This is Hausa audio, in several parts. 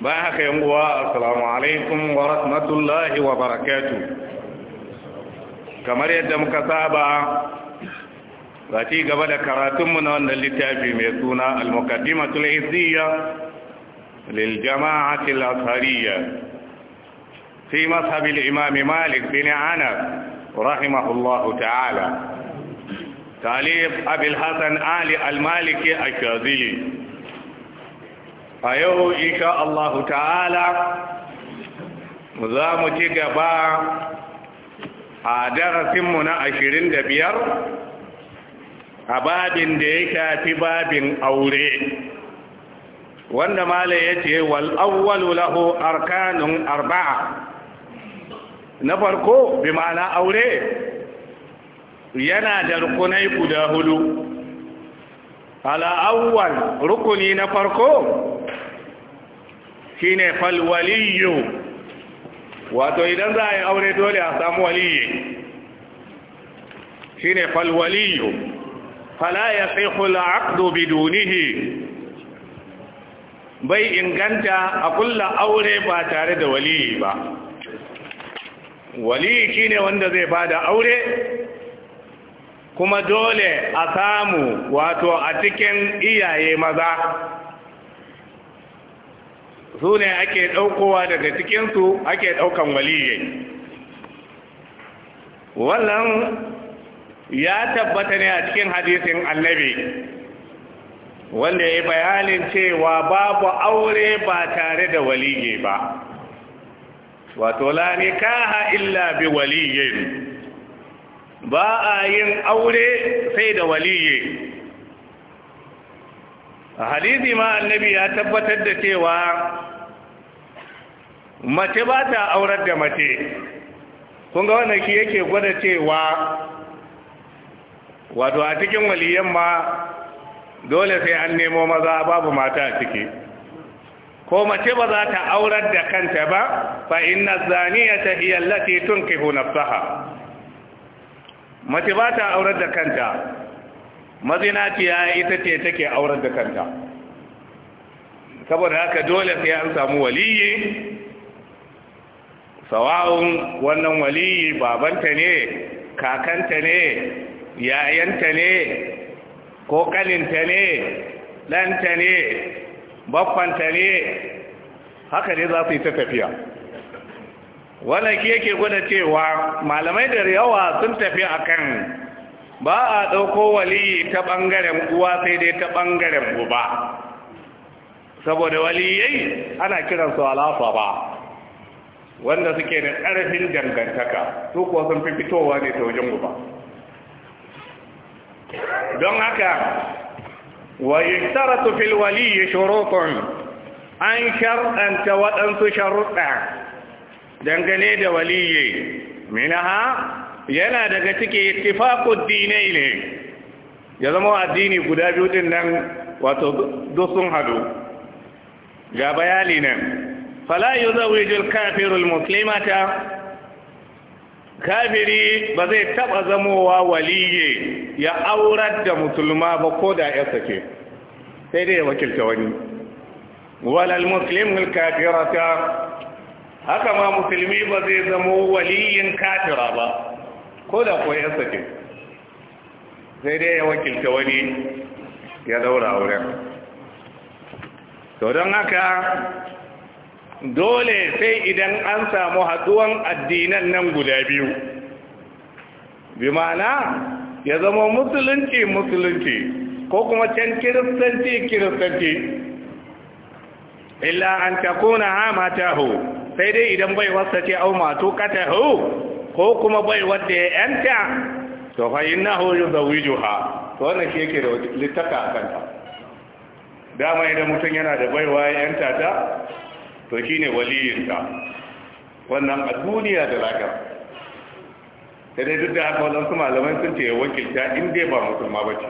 باخ يموا السلام عليكم ورحمه الله وبركاته كما يدم كتابا غتي غبا ده كراتون من وند لتابي مي المقدمه الاذيه للجماعه الاثريه في مذهب الامام مالك بن عنب رحمه الله تعالى تاليف ابي الحسن علي المالكي الشاذلي a yau isha Allah ta'ala za mu ci gaba a darasinmu na ashirin da biyar a babin da ya shafi babin aure wanda mala ya ce wal'awwalu lahu arkanun arba'a na farko bi ma'ana aure yana da rukunai guda hudu al'awwal rukuni na farko shine fal waliyu wato idan za a yi aure dole a samu waliyu shine fal waliyu fala yasihu bidunihi bai inganta a kulla aure ba tare da waliyu ba waliyi shine wanda zai bada aure kuma dole a samu wato a cikin iyaye maza su ne ake ɗaukowa daga cikinsu ake ɗaukan waliyyai. wannan ya tabbata ne a cikin hadisin annabi wanda ya bayanin cewa babu aure ba tare da waliyyai ba wato lani kaha illa bi waliyyai. ba a yin aure sai da waliyyai. a hadisi ma annabi ya tabbatar da cewa mace ba ta aurar da mace kun ga wannan shi yake gwada cewa wato a cikin waliyan ma dole sai an nemo maza babu mata a ciki ko mace ba za ta aurar da kanta ba fa inna zaniyata hiya allati tunkihu nafsaha mace ba ta aurar da kanta mazinaciya ita ce take aurar da kanta saboda haka dole sai an samu waliyi sawa'un wannan waliyi babanta ne kakanta ne yayanta ne ko kaninta ne ɗanta ne baffanta ne haka ne za su yi tafiya wannan ke yake gwada cewa malamai da yawa sun tafi akan ba a ɗauko waliyi ta ɓangaren uwa sai dai ta ɓangaren ba, saboda waliyai ana kiransu alafa ba wanda suke da ƙarfin dangantaka su kuwa sun fi fitowa ne ta wajen uba don haka wa su fil waliyyi shurutun an shar'anta waɗansu sharuɗa dangane da mina ha yana daga cike ittifaqud ne ya zama addini guda biyu din nan wato duk sun hadu ga bayani nan fala yuzawijul kafirul muslimata kafiri ba zai taba zamowa waliye ya aurar da musulma ba ko da ya sake sai dai ya wakilta wani walal muslimul kafirata haka ma musulmi ba zai zamo waliyin kafira ba ko da kuwa yansa ke sai dai ya wakilta wani ya daura auren to don haka dole sai idan an samu haduwan addinan nan guda biyu bi ma'ana ya zama musulunci musulunci ko kuma can kiristanci kiristanci illa an takuna ha matahu sai dai idan bai wasa ce au matu katahu ko kuma bai wanda ya yanta to fa yuzawiju ha to wannan shi yake da littaka a kanta dama idan mutum yana da baiwa ya yanta ta to shine waliyinta wannan a duniya da lafiya sai dai duk da haka su malaman sun ce wakilta in dai ba musulma ba ce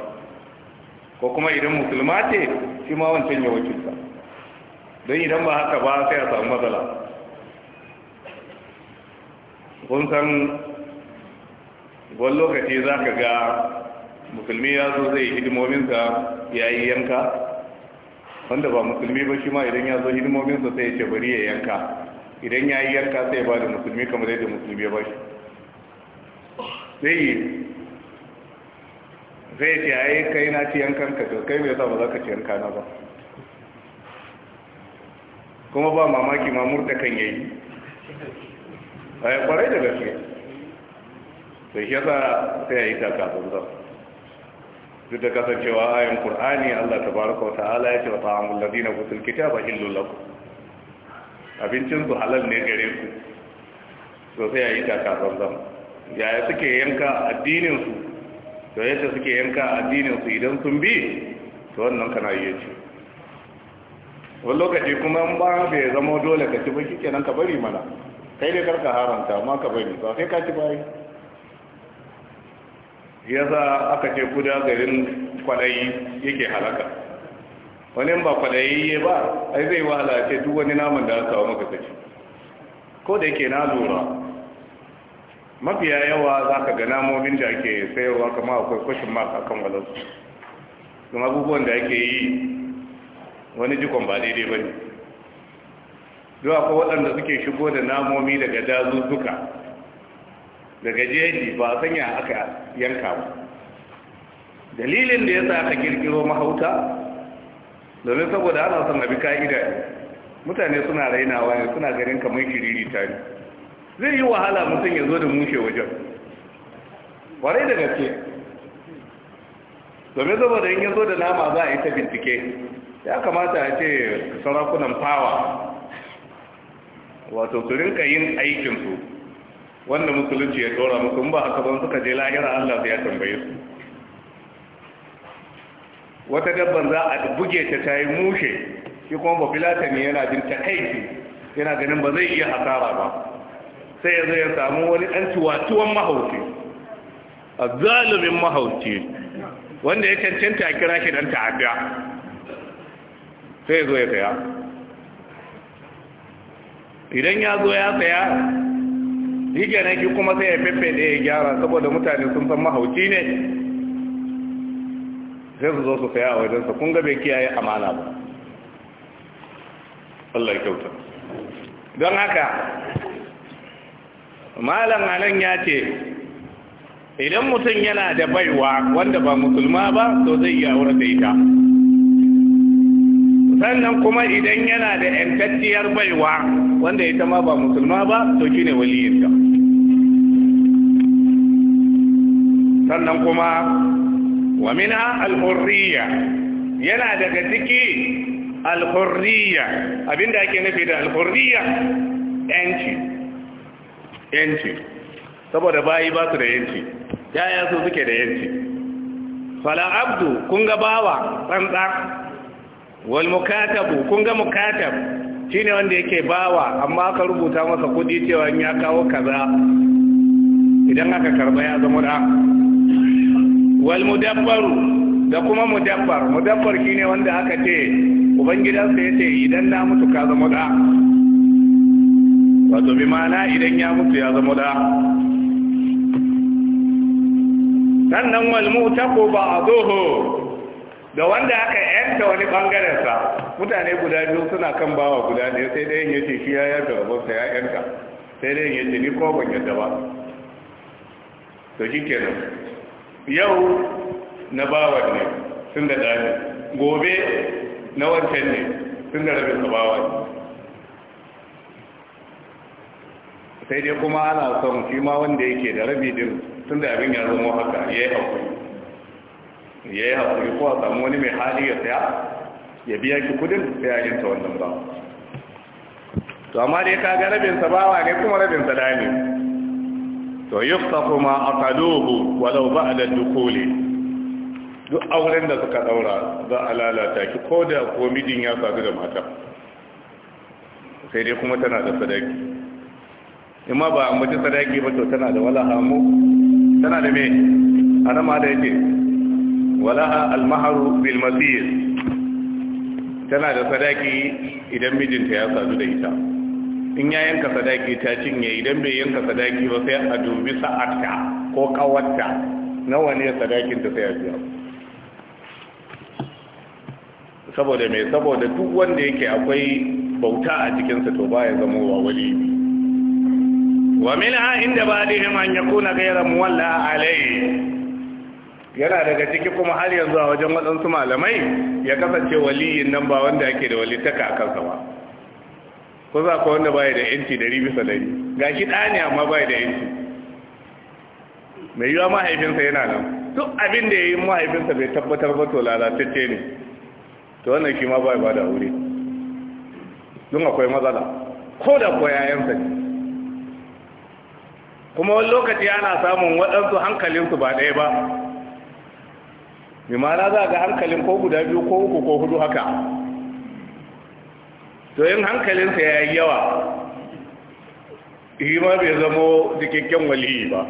ko kuma idan musulma ce shi ma wancan ya wakilta don idan ba haka ba sai a samu matsala kun san wani lokaci za ka ga musulmi ya zo zai hidimominsa ya yi yanka wanda ba musulmi ba shi ma idan ya zo hidimominsa sai ya ce bari ya yanka idan ya yi yanka sai ya ba da musulmi kamar yadda musulmi ba shi sai zai ce a yi kai na ci yankan ka to kai mai sa ba za ka ci yanka na ba kuma ba mamaki mamur da kan yayi bayan kwarai da gaske to shi yasa sai ya yi kakafin zan duk da kasancewa ayin qur'ani Allah tabaraka wa ta'ala ya ce wa ta'amul ladina kutul kitaba illul lakum abincin su halal ne gare ku to sai ya yi kakafin zan ya suke yanka addinin su to yace suke yanka addinin su idan sun bi to wannan kana iya ce wani lokaci kuma ba bai zama dole ka ci ba kike nan ka bari mana kai dai karka haramta amma ka bari ba sai ka ci bayi yasa aka ce guda garin kwalayi yake halaka wani ba ya ba ai zai wahala ce duk wani naman da aka kawo maka kaci ko da yake na lura mafiya yawa za ka ga namomin da ake sayarwa kama akwai kwashin maka akan walansu kuma abubuwan da ake yi wani jikon ba daidai ba ne zuwa ko waɗanda suke shigo da namomi daga dazuzzuka daga jeji ba a sanya aka yanka ba dalilin da ya sa aka kirkiro mahauta domin saboda ana son abi ka'ida ne mutane suna rainawa ne suna ganin kamar kiriri tare zai yi wahala mutum ya zo da mushe wajen warai da gaske domin saboda in ya zo da nama za a yi ta bincike ya kamata a ce sarakunan fawa wato su rinka yin aikinsu wanda musulunci ya tsora musu ba haka suka je lahira Allah ya tambaye su wata dabban za a buge ta ta yi mushe shi kuma ba filata ne yana jin yana ganin ba zai iya hasara ba sai ya ya samu wani ɗan tuwatuwan mahauci a zalumin mahauci wanda ya cancanta a kira shi ɗan ta'adda sai ya zo ya saya idan ya zo ya tsaya shi kenan ki kuma sai ya da ya gyara saboda mutane sun san mahauci ne sai su zo su saya a wajensa kun gabe kiyaye amana ba Allah kyauta don haka malam anan ya ce idan mutum yana da baiwa wanda ba musulma ba to zai yi aure da ita sannan kuma idan yana da ‘yantacciyar baiwa wanda ita ma ba musulma ba to shine waliyinta sannan kuma wa minha al-hurriya yana daga ciki al-hurriya abinda ake nufi da al-hurriya yanci yanci saboda bayi ba su da yanci yaya su suke da yanci fala abdu kun ga bawa tsantsa wal mukatabu kun ga mukatab ne wanda yake bawa amma aka rubuta masa kudi cewa in ya kawo kaza idan aka karba ya zama da wal mudabbaru da kuma mudabbar mudabbar ne wanda aka ce ubangidansa ya ce idan na mutu ka zama da wato bi ma'ana idan ya mutu ya zama da sannan wal mutaqu ba'dahu da wanda aka yanta wani bangaren sa mutane guda biyu suna kan bawa guda ɗaya sai dai ya ce shi ya yanta rabon sa ya yanta sai dai ya ce ni ko ban yarda ba to shi kenan yau na bawa ne sun da dani gobe na wancan ne sun da rabin sa bawa ne sai dai kuma ana son shi ma wanda yake da rabi din tun da abin ya zama haka ya yi haƙuri ya yi haƙuri ko a samu wani mai hali ya saya ya biya ki kudin ya yin yinta wannan ba to amma dai ka ga rabinsa bawa ne kuma rabinsa da ne to yuftahu ma aqaluhu walau ba'da dukuli duk auren da suka daura za a lalata ki ko da komidin mijin ya sadu da mata sai dai kuma tana da sadaki imma ba ambaci sadaki ba to tana da wala hamu tana da me ana ma da yake Wala almahar bil masir tana da sadaki idan mijinta ya sadu da ita in ya yanka sadaki ta cinye idan bai yanka sadaki ba sai a dubi sa'arta ko kawarta nawa ne sadakin ta sai a biya saboda mai saboda duk wanda yake akwai bauta a cikinsa to baya ya zama wa wali wa min inda ba dihim an yakuna ghayra muwalla alayhi yana daga ciki kuma har yanzu a wajen waɗansu malamai ya kasance waliyin nan ba wanda ake da walittaka a kansa ba ko za ka wanda baya da yanci dari bisa dari ga shi ɗani amma baya da yanci mai yiwa mahaifinsa yana nan duk abin da ya yi mahaifinsa bai tabbatar ba to lalatacce ne to wannan shi ma baya ba da wuri don akwai matsala ko da ko yayansa ne kuma wani lokaci ana samun waɗansu hankalinsu ba ɗaya ba mai mana za ga hankalin ko guda biyu ko uku ko hudu haka to yin hankalinsa ya yi yawa Hima bai zamo cikakken waliyi ba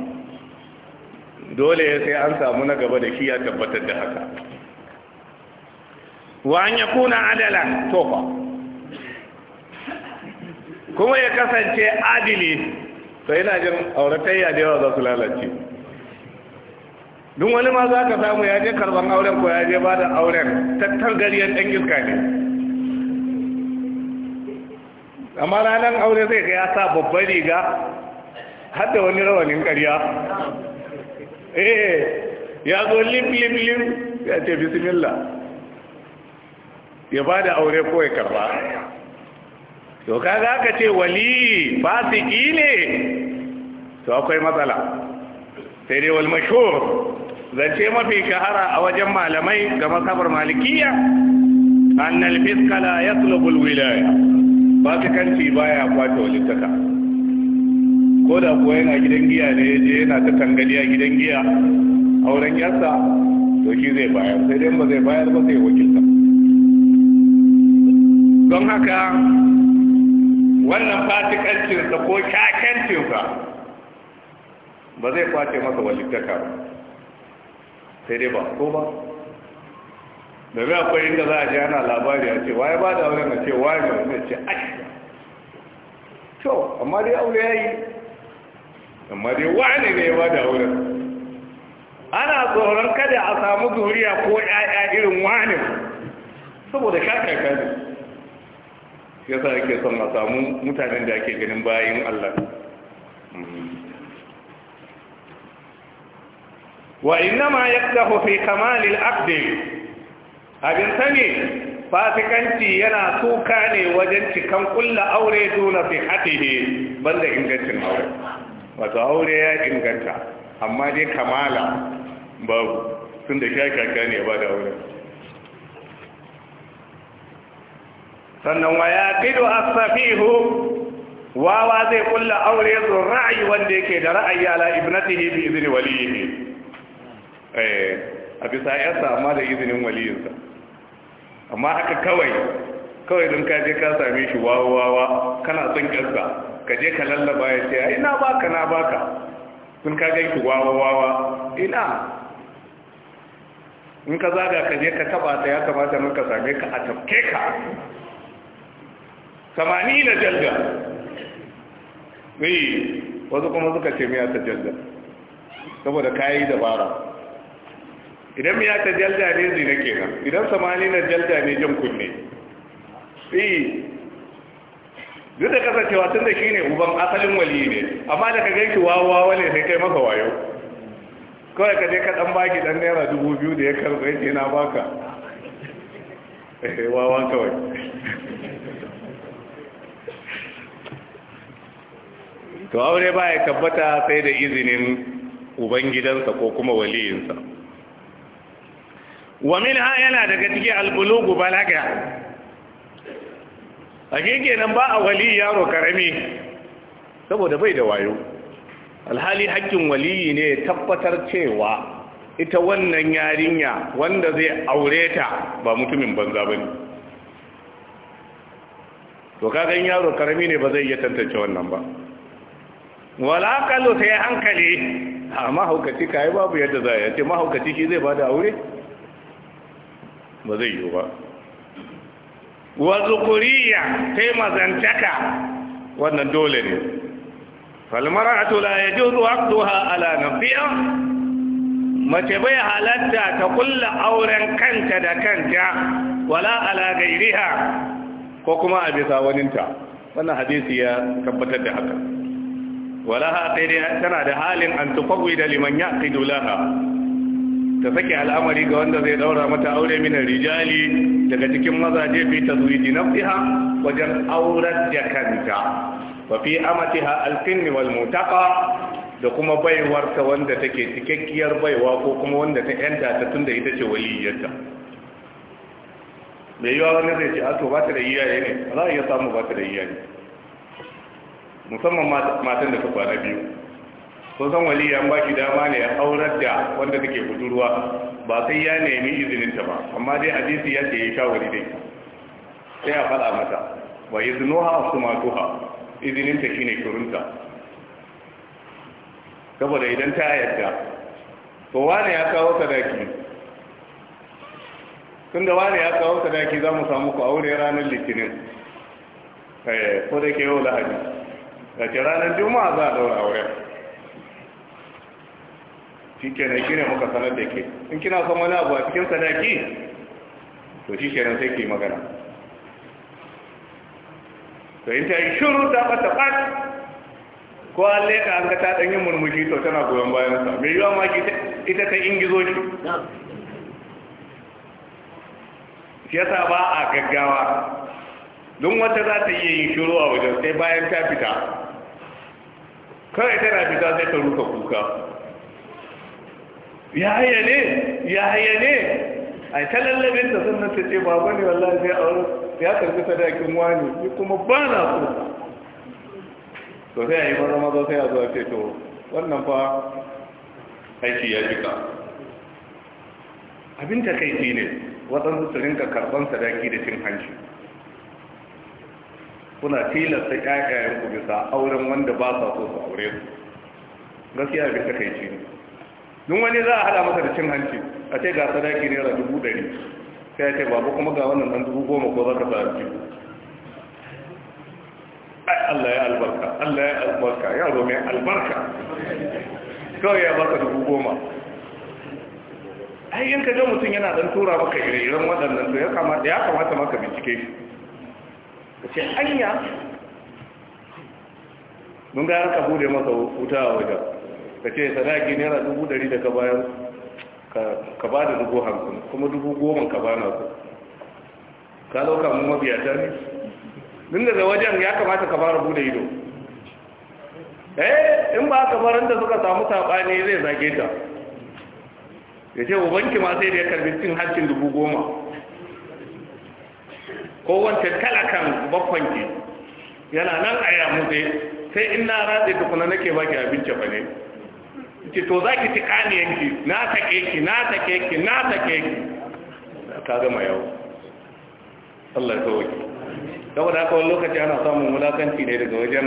dole sai an samu na gaba da shi ya tabbatar da haka wa an ya kuna adala tofa kuma ya kasance adili sai na jin auratayya da yawa za su lalace duk wani ma za ka samu ya je karban auren ko ya je ba da auren tattar gariyar ɗan iska ne amma ranar aure zai ga ya sa babbar riga har da wani rawanin karya. eh ya zo lim lim lim ya ce bismillah ya ba da aure ko ya karba to kaga aka ce wali fasiki ne to akwai matsala sai dai wal mashhur zance mafi shahara a wajen malamai ga masabar malikiya annal fiska ya tulubul wilaya ba baya kwace walittaka ko da kuwa yana gidan giya ne ya je yana ta a gidan giya auren yarsa to shi zai bayar sai dai ba zai bayar ba sai wakilta don haka wannan fasikancinsa ko shakancinsa ba zai kwace masa walittaka ba sai dai ba ko ba Da domin akwai inda za a ji ana labari a ce waye ba da wurin a ce waye ne wani ce ai to amma dai aure ya yi amma dai wani ne ya ba da wurin ana tsoron kada a samu zuriya ko yaya irin wani. saboda shakaka ne yasa ake son a samu mutanen da ake ganin bayan Allah hmm. wa innama yakdahu fi kamalil abdi abin sani fasikanci yana suka ne wajen cikan kulla aure duna bi hadihi banda ingancin aure wato aure ya inganta amma dai kamala babu tun da ne aure sannan wa ya kido wawa zai kulla aure zuwa ra'ayi wanda yake da ra'ayi ala ibnatihi bi izni waliyihi Eh, a bisa yarsa amma da izinin waliyinsa amma haka kawai kawai don kaje ka same shi wawawa kana son kyarsa ka je ka lallaba ya ce ai na baka na baka sun ka ganki wawawa ina in ka zaga ka je ka taba ta ya kamata nan ka same ka a tafke ka samani na jalda eh, wasu kuma suka ce miya ta jalda saboda kayi dabara idan ya ta jalda ne zina kenan idan samani na jalda ne jan kunne eh duk da kasancewa tun da shi ne uban asalin wali ne amma da ka gan shi wawa ne sai kai masa wayo kawai ka je ka dan baki dan naira dubu biyu da ya karɓa ya ce na baka eh, wawa kawai to aure ba ya tabbata sai da izinin ubangidansa ko kuma waliyinsa wa minha yana daga cikin albulugu balaga ke nan ba a wali yaro karami saboda bai da wayo alhali hakkin waliyi ne tabbatar cewa ita wannan yarinya wanda zai aure ta ba mutumin banza ba ne to kagan yaro karami ne ba zai iya tantance wannan ba wala kallo sai hankali amma ka kai babu yadda za a ce mahaukaci shi zai bada aure ba zai yi ba wa ta yi mazantaka wannan dole ne ya la yajuzu aqduha ala nafsiha mace bai halatta ta kulla auren kanta da kanta wala ala gairiha ko kuma a bisa waninta wannan hadisi ya tabbatar da haka wala ha tana da halin an tufawwi da liman yaqidu laha ta sake al'amari ga wanda zai daura mata aure min rijali daga cikin mazaje fi tazwiji nafsiha wajen aurar da kanta wa fi amatiha alqin wal mutaqa da kuma baiwarta wanda take cikakkiyar baiwa ko kuma wanda ta yanta ta tunda ita ce waliyarta mai yiwa wani zai ce ato ba ta da iyaye ne za a iya samu ba ta da iyaye musamman matan da ta kwana biyu kun san wali an ba shi dama ne ya aurar da wanda take budurwa ba sai ya nemi izinin ta ba amma dai hadisi ya ce ya shawari dai sai a faɗa mata wa iznuha sumatuha izinin ta shine kurunta saboda idan ta yarda to wani ya kawo sadaki tunda wani ya kawo sadaki za mu samu ku aure ranar litinin eh, ko da ke yau lahadi da ranar juma'a za a daura auren shi kenan shi ne muka sanar da ke in kina son wani abu a cikin sadaki to shi kenan sai ke magana to in ta yi shuru ta fata bat ko an leka an ga ta yin murmushi to tana goyon bayan sa mai yiwa ma ita ta ingizo shi shi yasa ba a gaggawa don wata za ta iya yin shuru a wajen sai bayan ta fita kawai tana fita sai ta ruka kuka ya haya ne ya haya ne a ta lallabin da sun nace ce ba ne wallahi sai aure ya karbi sadakin wani ni kuma ba na so to sai a yi maza maza sai a zuwa ce to wannan fa aiki ya jika abin ta takaici ne waɗansu su rinka karɓar sadaki da cin hanci kuna tilasta ƙyaƙyayen ku bisa auren wanda ba sa so su aure su gaskiya abin takaici ne don wani za a hada masa da cin hanci a ce ga sadaki naira dubu ɗari sai a ce babu kuma ga wannan ɗan dubu goma ko za ka sa hanci ai Allah ya albarka Allah ya albarka yaro mai albarka kawai ya baka dubu goma ai in ka mutum yana dan tura maka ire-iren waɗannan to ya kamata maka bincike shi hanya? ce anya mun ga ka bude masa wuta a wajen ka ce sadaki naira dubu ɗari da ka bayan, ka ba da dubu hamsin kuma dubu goma ka ba na ku ka lauka mu mabiyata ne din da wajen ya kamata ka fara bude ido eh in ba ka baran da suka samu sabani zai zage ta ya ce banki ma sai da ya karbi cin hancin dubu goma ko wance talakan bakwanki yana nan a yamu sai in na ratse tukuna nake baki abinci ba ne ki to za ki ci kaniyanki na ke ki na ke ki na ke ki ta gama yau Allah ya kawai saboda haka wani lokaci ana samun wulakanci ne daga wajen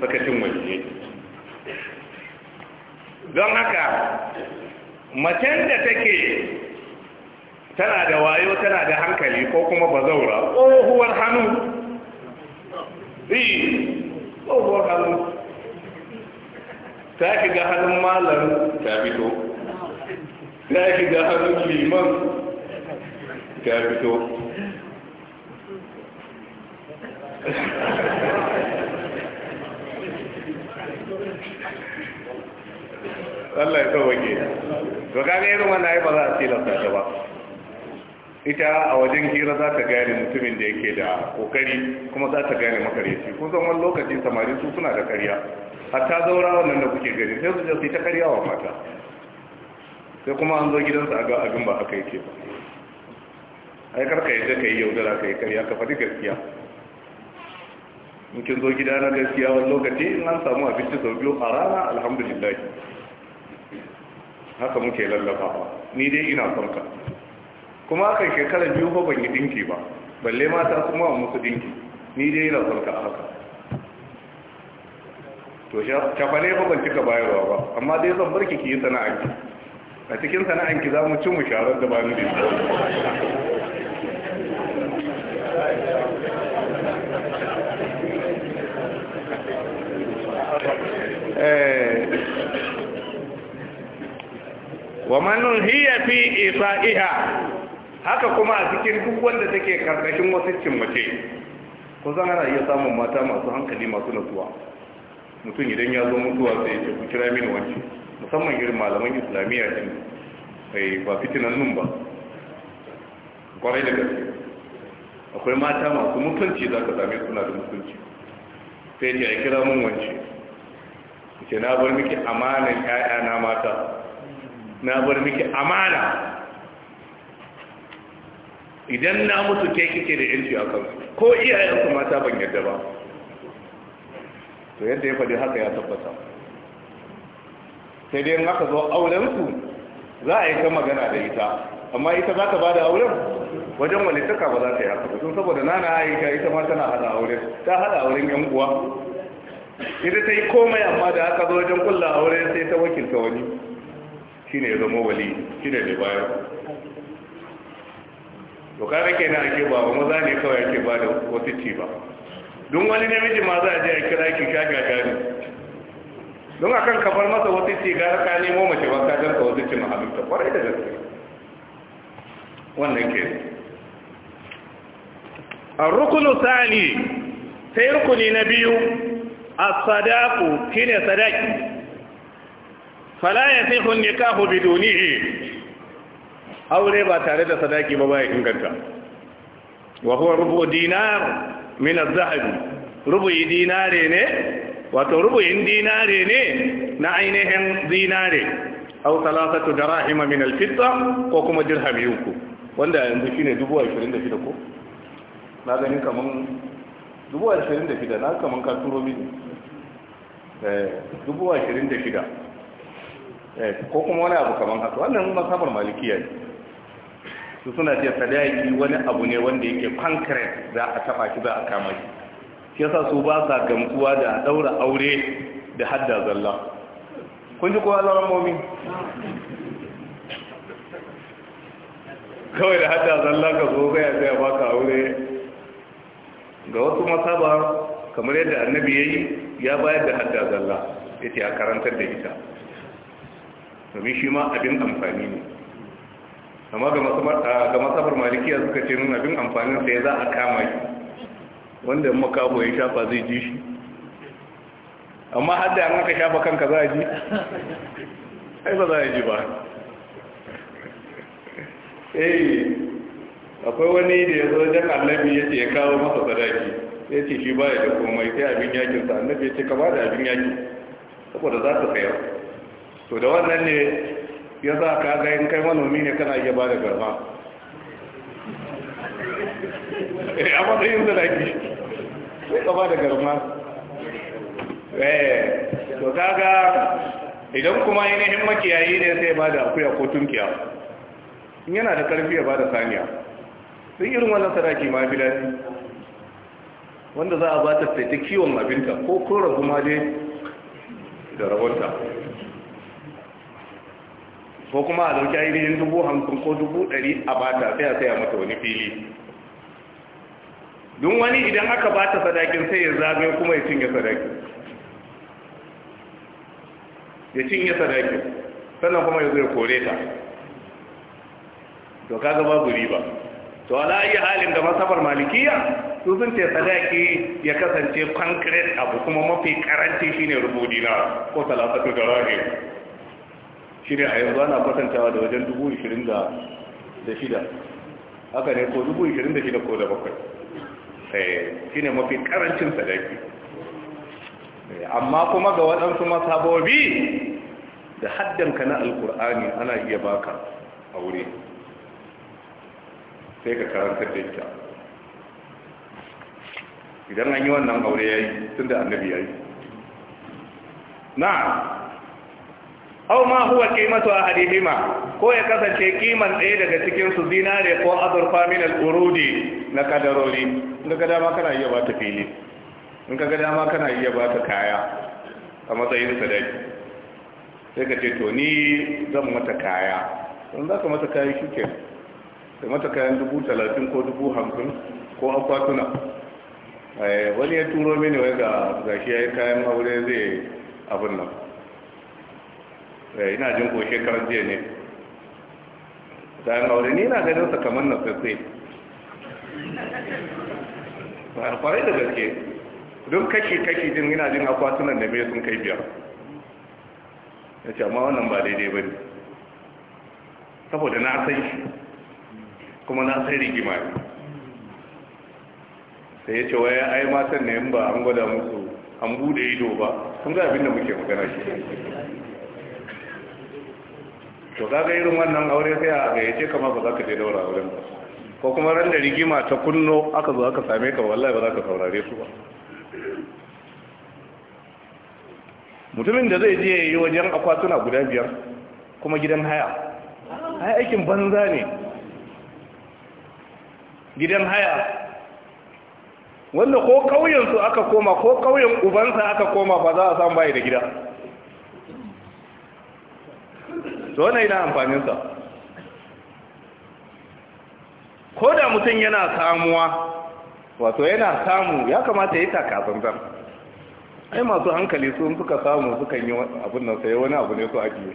sakacin waje don haka macen da take tana da wayo tana da hankali ko kuma zaura tsohuwar hannu tsohuwar hannu ta shiga hannun malam ta fito ta shiga hannun liman ta fito Allah ya sauwake to kaga irin wannan ai ba za a tilasta ta ba ita a wajen hira za ta gane mutumin da yake da kokari kuma za ta gane makaryaci kun san wani lokaci samari su suna da kariya hatta zaura wannan da kuke gani sai su je ta karya wa mata sai kuma an zo gidansa a ga abin ba yi ke ba ai karka yadda ka yi yaudara ka yi karya ka faɗi gaskiya mukin zo gida na gaskiya wani lokaci in an samu abinci sau biyu a rana alhamdulillah haka muke lallafa ni dai ina farka kuma haka shekara biyu ko ban yi dinki ba balle mata kuma wa musu dinki ni dai ina farka a haka to shafane ba ban cika bayarwa ba amma dai zan barki ki yi sana'anki a cikin sana'anki za mu ci mu sharar da bani da eh. wa manun hiya fi isa'iha haka kuma a cikin duk wanda take karkashin wasu cin mace kusan ana iya samun mata masu hankali masu nasuwa mutum idan ya zo mutuwa sai ce ku kira mini wance musamman irin malaman islamiyya din ai ba fitinan nun ba kwarai da gaske akwai mata masu mutunci za ka same suna da mutunci sai ce a kira mun wance ce na bar miki amanan ƴaƴa na mata na bar miki amana idan na mutu ke kike da yanci a kansu ko iyayensu mata ban yadda ba to yadda ya faɗi haka ya tabbata sai dai in aka zo aurensu za a yi ta magana da ita amma ita za ta ba da auren wajen walittaka ba za ta yi haka sun saboda nana aisha ita ma tana hada aure ta hada auren yan uwa ita ta yi komai amma da aka zo wajen kulla aure sai ta wakilta wani shine ya zama wali shine da bayar to kare kenan ake ba wa maza ne kawai ake ba da wasu ci ba don wani namiji ma za a je a kira ki ka ne? don akan kafar masa wata ce gara ka nemo mace ba ka danta wata ce ta kwarai da gaske wannan ke a rukunu sani sai rukuni na biyu a sadaku shine sadaki fala ya sai hun nikahu bidunihi aure ba tare da sadaki ba ba inganta wa huwa rubu dinar min az-zahabi rubu'i dinare ne wato rubuyin dinare ne na ainihin dinare aw salasatu darahima min al ko kuma dirham yuku wanda yanzu shine 26 ko na gani kaman 26 na kaman ka turo mini eh 26 eh ko kuma wani abu kaman haka wannan masabar malikiya ne su suna ce sadaki wani abu ne wanda yake concrete za a taba shi za a kama shi shi yasa su ba sa gamsuwa da daura aure da hadda zalla kun ji kowa momi kawai da hadda zalla ka zo gaya zai baka aure ga wasu masaba kamar yadda annabi yi ya bayar da hadda zalla ce a karantar da ita domin shi ma abin amfani ne amma ga masafar malikiya suka ce nuna bin amfanin sai za a kama shi wanda makaho ya shafa zai ji shi amma hada an aka shafa kanka za a ji ai ba za a ji ba eh akwai wani da ya zo jan annabi ya ce ya kawo masa sadaki ya ce shi baya da komai sai abin yakinsa annabi ya ce ka ba da abin yakin saboda za ta sayar to da wannan ne ya za ka ga yin kai manomi ne kana iya ba da garba eh, a matsayin zalaki sai ka ba da garma eh to kaga idan kuma ainihin makiyayi ne sai ba da akuya ko tunkiya in yana da karfi ya ba da saniya sun irin wannan sadaki ma fi wanda za a ba ta sai kiwon abinta ko kura kuma dai da rabonta ko kuma a dauki ainihin dubu hamsin ko dubu ɗari a bata sai a saya mata wani fili don wani idan aka bata sadakin sai ya zagaye kuma ya cinye sadakin ya cinye sadakin sannan kuma ya zai kore ta to ka gaba babu riba to ala iya halin da masabar malikiya su sun ce sadaki ya kasance concrete abu kuma mafi karanci shine rubu dinar ko talatatu da rahim shi ne a yanzu ana kwatantawa da wajen dubu ishirin da shida haka ne ko dubu ishirin da shida ko da bakwai eh, shi ne mafi karancin sadaki eh, amma kuma ga waɗansu masabobi da haddanka na alkur'ani ana iya baka a wuri sai ka karanta da ita idan an yi wannan aure ya yi tun da annabi ya yi na aw ma huwa qimatu ahadihima ko ya kasance kiman ɗaya daga cikin su zinare ko azurfa min al-urudi na kadaroli in ka dama kana iya bata fili in ka dama kana iya bata kaya a matsayin dai sai ka ce to ni zan mata kaya in za ka mata kayan shuke da mata kayan dubu talatin ko dubu hamsin ko akwatuna eh, wani ya turo mini wai ga gashi ya yi kayan aure zai abin nan Eh, ina jin ko shekarar jiya ne bayan aure ni na ganin sa kamar na sosai ba kwarai da gaske don kashi-kashi jin ina jin akwatunan da mai sun kai biyar ya ce amma wannan ba daidai ba ne saboda na sai, shi kuma na sai rigima ne sai ya ce waya ai matan ne in ba an gwada musu an bude ido ba sun ga abin da muke magana shi to kaga irin wannan aure sai a gayyace kama ba za ka je daura wurin ba ko kuma ran da rigima ta kunno aka zo aka same ka wallahi ba za ka saurare su ba mutumin da zai je yi wajen akwatuna guda biyar kuma gidan haya Ai aikin banza ne gidan haya wanda ko su aka koma ko kauyen ubansa aka koma ba za a samu bayi da gida to wannan ina amfaninsa ko da mutum yana samuwa wato yana samu ya kamata ya yi takazantar ai masu hankali sun suka samu suka yi abin nan sai wani abu ne su ajiye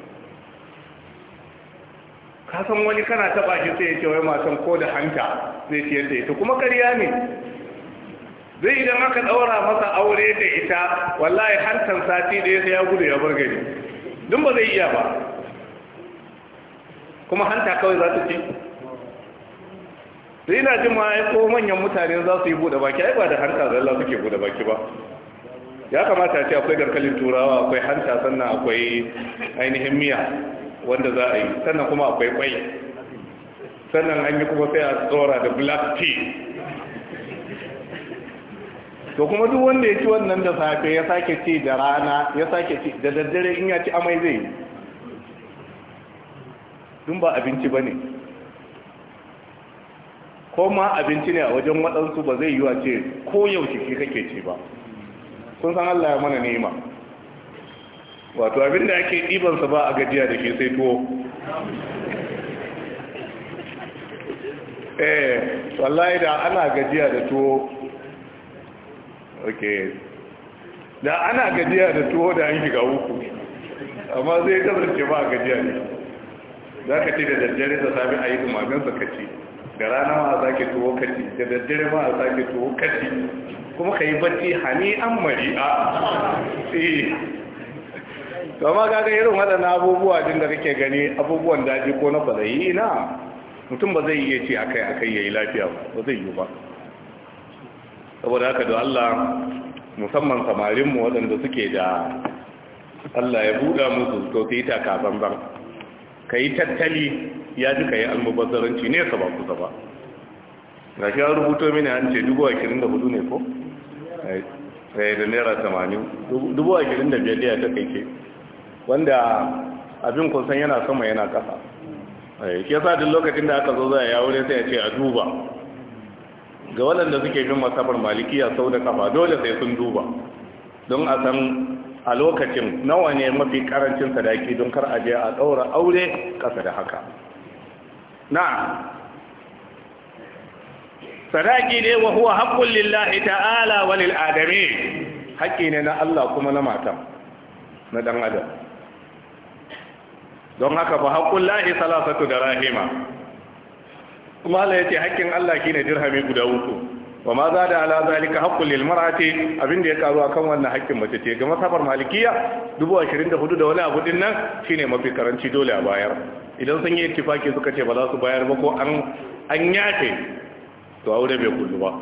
ka san wani kana taba shi sai ya ce wai matan ko da hanta zai ce yadda ita kuma karya ne zai idan aka daura masa aure da ita wallahi hantar sati da ya gudu ya bar gari dun ba zai iya ba kuma hanta kawai za su ce sai na ji ma ko manyan mutane za su yi buɗe baki ai ba da hanta su suke buɗe baki ba ya kamata ce akwai garkalin turawa akwai hanta sannan akwai ainihin miya wanda za a yi sannan kuma akwai kwai sannan an yi kuma sai a tsora da black tea to kuma duk wanda ya ci wannan da safe ya sake ci da rana ya sake ci da daddare in ya ci amai zai yi dun ba abinci ba ne ko ma abinci ne a wajen waɗansu ba zai wa ce ko yaushe ke kake ce ba Sun san Allah ya mana nema wato abin da ake ɗibansa ba a gajiya da ke sai tuwo eh wallahi da ana gajiya da tuwo ok da ana gajiya da tuwo da an shiga uku amma zai kasance ba gajiya ne za ka ci da daddare da sami a yi dumamin kaci da rana ma a sake tuwo kaci da daddare ma a sake tuwo kaci kuma ka yi bacci hani an mari a eh. to ma kaga irin waɗannan abubuwa din da kake gani abubuwan daji ko na balayi na mutum ba zai iya ce akai akai yayi lafiya ba zai yi ba saboda haka da Allah musamman samarinmu waɗanda suke da Allah ya buɗa musu to sai ta kafan ban ka yi tattali ya ji ka yi almubazzaranci ne ka ba kusa ba ga shi an rubuto mini an ce dubu ashirin da hudu ne ko? sai da naira tamanin dubu ashirin da biyar ya ta kai ke wanda abin kusan yana sama yana ƙasa shi yasa duk lokacin da aka zo za a yawo ne sai a ce a duba ga waɗanda suke bin masafar malikiya sau da kafa dole sai sun duba don a san a lokacin nawa ne mafi karancin sadaki don kar a je a daura aure ƙasa da haka na sadaki ne wa huwa haƙƙun lillahi ta'ala wa lil adami haƙƙi ne na Allah kuma na mata na dan adam don haka ba haƙƙun lahi salatu da rahima kuma Allah yace haƙƙin Allah kine dirhami guda uku wa ma za da ala zalika haqqul lil mar'ati abinda ya karu akan wannan haƙƙin mace ce ga masabar malikiya 24 da wani abu din nan shine mafi karanci dole a bayar idan sun yi ittifaki suka ce ba za su bayar ba ko an an yafe to aure bai kullu ba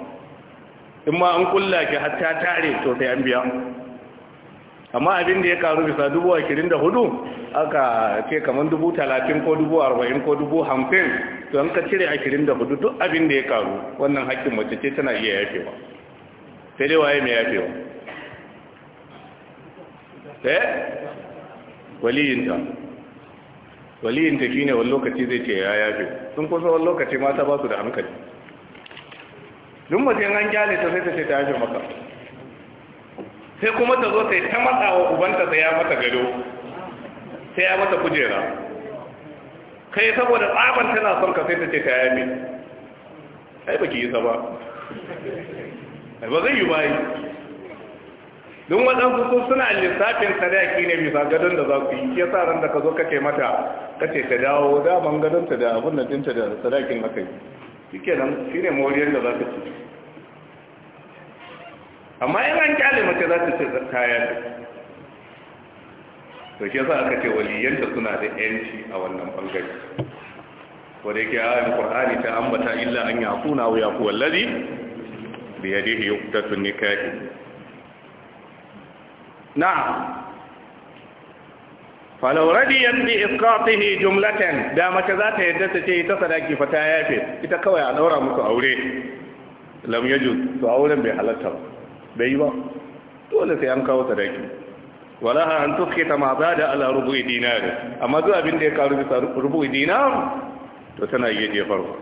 in ma an kulla ki har ta tare to sai an biya amma abin da ya karu bisa 24 aka ce kaman 30 ko 40 ko 50 to an ka cire 24 duk abin da ya karu wannan haƙƙin mace ce tana iya yafewa sai dai waye mai yafewa eh waliyinta waliyinta shine wani lokaci zai ce ya yafe sun kusa wani lokaci mata ba su da hankali duk mace an kyale ta sai ta ce ta yafe maka sai kuma ta zo ta yi ta wa ubanta ta ya mata gado sai ya mata kujera kai saboda tsaban tana son ka sai ta ce ta yami ai baki yi ba ba zai yi bayi don waɗansu su suna lissafin sadaki ne bisa gadon da za ku yi ya sa ran da ka zo kace mata ka ta dawo daman gadonta da abin da dinta da sadakin haka. yi shi kenan shi ne moriyar da za ka ci amma yana kyale mace za ta ce yami to shi yasa aka ce waliyanta suna da yanci a wannan bangare wanda yake ayin qur'ani ta ambata illa an yakuna wa yaku wallazi bi yadihi yuqtatu nikah na'am falau radiyan bi isqatihi jumlatan da mace za ta yadda ta ce ita sadaki fa ta yafe ita kawai a daura muku aure lam yajud to auren bai halatta bai yi ba dole sai an kawo sadaki ولها أن تسكت ما زاد على ربع دينار أما ذو أبن ديكا ربع دينار تسنى يجي فرض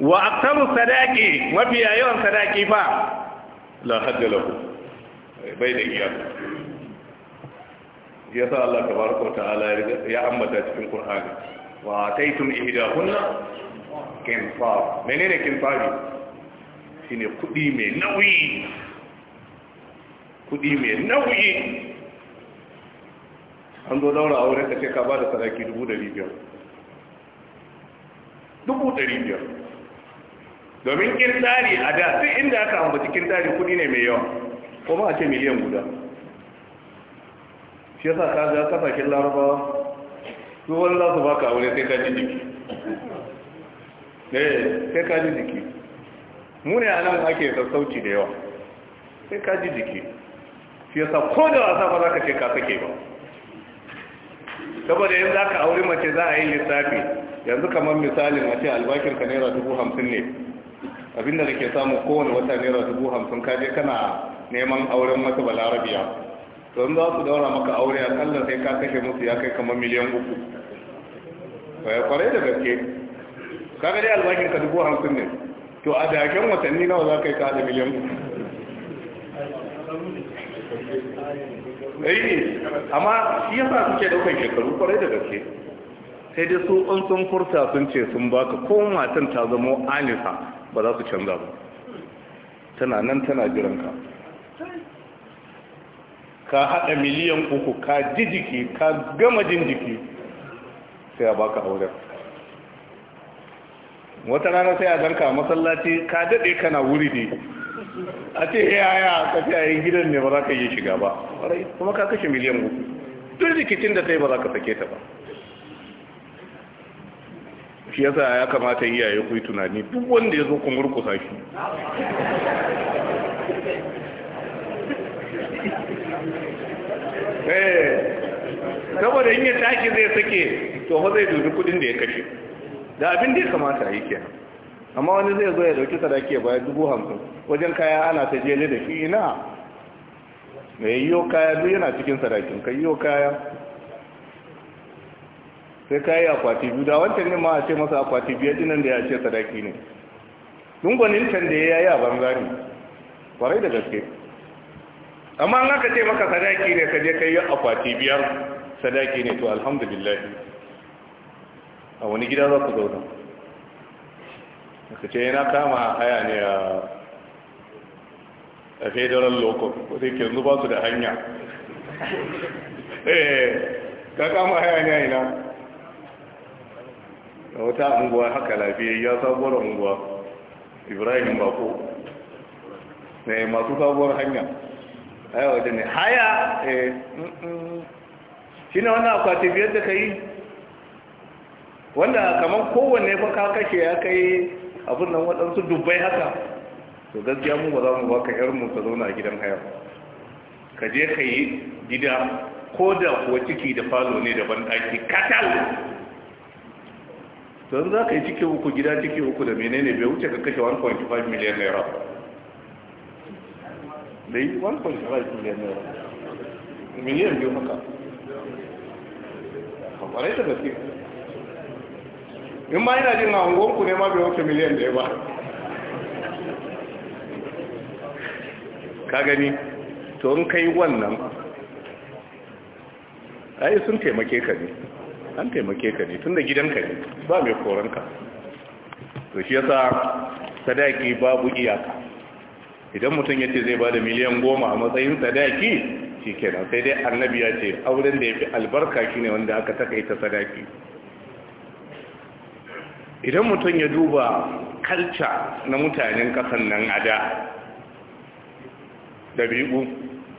وأكثر الصداق ما في أيون صداق فا لا حد له بين إياه يسأل الله تبارك وتعالى يا أمة في القرآن وآتيتم إهداهن كنفار منين كنفار؟ شنو قديمة نوي kudi mai nauyi an zo daura a ka ce ka ba da sadaki dubu dari biyar dubu dari biyar domin kirtari a da duk inda aka ambaci kirtari kudi ne mai yawa kuma a ce miliyan guda shi yasa ka ga kasashen larabawa su wani za su baka aure sai ka ji jiki eh sai ka ji jiki mu ne a nan ake sassauci da yawa sai ka ji jiki shi yasa ko da wasa ba za ka ce ka sake ba saboda yin za ka auri mace za a yi lissafi yanzu kamar misalin a ce albashin ka naira dubu hamsin ne abinda da ke samu kowane wata naira dubu hamsin kaje kana neman auren masu balarabiya don za su daura maka aure akalla sai ka kashe musu ya kai kamar miliyan uku kwarai da gaske kaga dai albashin ka dubu hamsin ne to a jakin watanni nawa za ka yi ka da miliyan uku eh amma shi yasa suke daukan shekaru kwarai da gaske sai dai su an sun furta sun ce sun baka ko matan ta zama anisa ba za su canza ba tana nan tana jiran ka ka haɗa miliyan uku ka ji jiki ka gama jin jiki sai a baka auren wata rana sai a zanka masallaci ka daɗe kana wuri ne a ce yaya ka a yi gidan ne ba za ka yi shiga ba kuma ka kashe miliyan uku duk rikicin da ta yi ba za ka sake ta ba shi yasa ya kamata iyaye ku yi tunani duk wanda ya zo ku murkusa shi eh, saboda yin ya tashi zai sake to fa zai dubi kudin da ya kashe da abin da ya kamata yi kenan amma wani zai zo ya dauki sadaki ya bayar dubu hamsin wajen kaya ana ta jele da shi ina mai yiwo kaya duk yana cikin sadakin ka yiwo kaya sai kayi akwati biyu da wancan ne ma a ce masa akwati biyar dinan da ya ce sadaki ne dungonin can da ya yi a banza ne kwarai da gaske amma an aka ce maka sadaki ne ka je kai akwati biyar sadaki ne to alhamdulillah a wani gida za ku zauna ka ce yana kama haya ne a federal local wadda ke yanzu ba su da hanya eh, ka kama haya ne a ina da wata unguwa haka lafiya ya sabuwar unguwa ibrahim bako ne masu sabuwar hanya haya wajen ne haya eh, shi ne wannan akwati biyar da ka yi wanda kamar kowanne fa ka kashe ya kai abin nan waɗansu dubbai haka to gaskiya mu ba za mu baka yar mu ta zauna a gidan haya ka je ka yi gida ko da kuwa ciki da falo ne ban ɗaki katal don za ka yi ciki uku gida ciki uku da menene bai wuce ka kashe 1.5 miliyan naira dai 1.5 miliyan naira miliyan biyu haka kwarai da gaske in ma yana jin hangon ku ne ma bai wuce miliyan da ya ba ka gani to in kai wannan ai sun taimake ka ne an taimake ka ne tun da gidanka ne ba mai koranka to shi yasa sadaki babu iyaka idan mutum ya ce zai ba da miliyan goma a matsayin sadaki shi kenan sai dai annabi ya ce auren da ya fi albarka shine wanda aka takaita sadaki idan mutum ya duba kalca na mutanen kasan nan a da ɗabi'u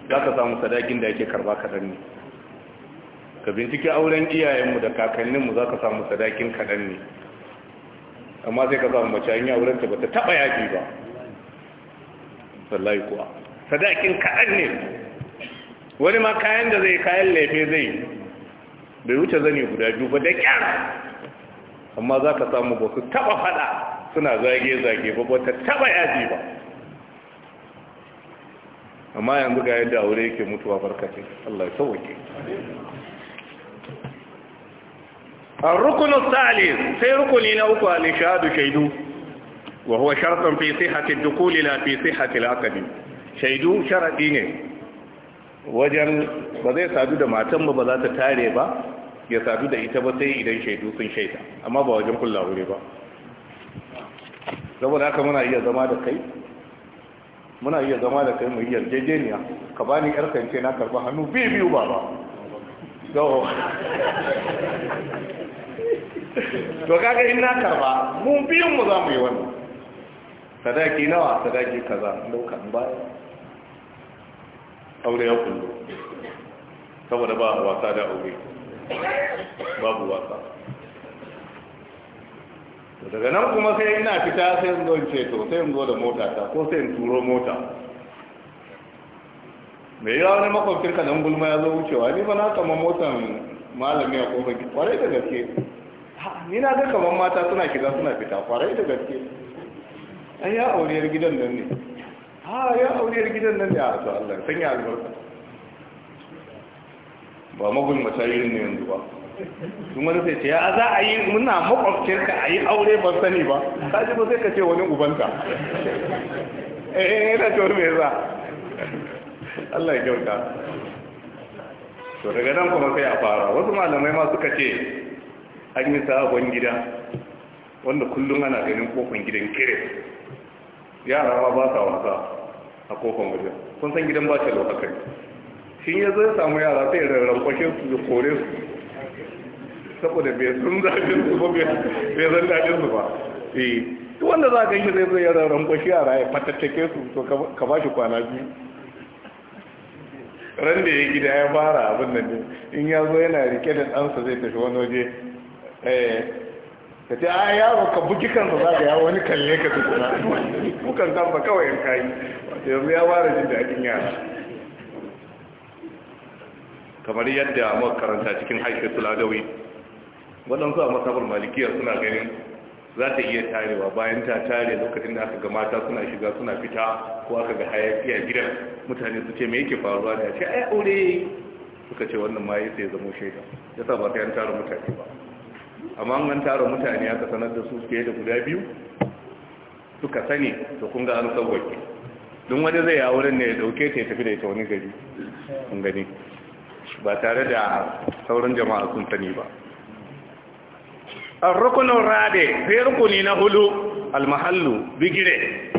za ka samu sadakin da yake karba kaɗan ne ka binciki auren iyayenmu da kakanninmu za ka samu sadakin kaɗan ne amma sai ka samu mace an yi aurenta ba ta taɓa yaki ba Sallai kuwa sadakin kaɗan ne wani ma kayan da zai kayan laife zai bai wuce zane guda biyu ba da kyara amma za ka samu ba su taba fada suna zage-zage ba ba ta taba yaji ba amma yanzu ga yadda aure yake mutuwa barkace Allah ya sauwake an rukunu salis sai rukuni na uku nishadu shaidu wa huwa shartun fi sihhati dukuli la fi sihhati al shaidu sharadi ne wajen ba zai sadu da matan ba ba za ta tare ba ya sadu da ita ba sai idan shaidu sun shaida amma ba wajen kulla wuri ba saboda haka muna iya zama da kai muna iya zama da kai mu yi yarjejeniya ka bani yar kance na karba hannu biyu biyu ba ba to kaga in na karba mu biyun mu za mu yi wannan sadaki nawa sadaki kaza lokacin baya aure ya kullu saboda ba wasa da aure babu wasa daga nan kuma sai ina fita sai in zo in ceto sai in zo da mota ta ko sai in turo mota mai yi wani makwabcin ka nan gulma ya zo wucewa ni ba na kama motan malami a kofar ki kwarai da gaske ni na ga kamar mata suna kiza suna fita kwarai da gaske an ya auriyar gidan nan ne ha ya auriyar gidan nan ne a to Allah sanya albarka ba magulmata irin ne yanzu ba sun wani sai ce ya za a yi muna makwabcin ka a yi aure ban sani ba ta ji ba sai ka ce wani ubanta eh yana eh, eh, ce wani mai za Allah ya kyauta to daga nan kuma sai a fara wasu malamai ma suka ce an yi sabon gida wanda kullum ana ganin kofin gidan kire yara ma ba sa wasa a kofin gidan kun san gidan ba ce lokacin shi ya zo samu yara sai shi su da kore su saboda bai sun zafin su ba bai zan dajin su ba eh wanda za ka yi zai zo ya shi yara ya fatattake su to ka ba shi kwana biyu ran da ya gida ya fara abin nan ne in ya zo yana rike da ɗansa zai tafi wani waje eh, ka ce a yaro ka buki kansa za ka ya wani kalle ka tukuna bukan kansa kawai in kayi yanzu ya fara jin daɗin yara kamar yadda muka karanta cikin haifar sulagawi waɗansu a masabar malikiya suna ganin za ta iya tarewa bayan ta tare lokacin da aka ga mata suna shiga suna fita ko aka ga hayaki a gidan mutane su ce me yake faruwa da ce ai aure suka ce wannan ma yasa ya zama shaida ya sa ba ta yan tara mutane ba amma an tara mutane aka sanar da su ke da guda biyu suka sani to kun ga an sauwaki don wani zai yi auren ne ya dauke ta ya tafi da ita wani gari kun gani ba tare da sauran jama'a sun sani ba rukunin rade sai rukuni na hulu almahallu bigire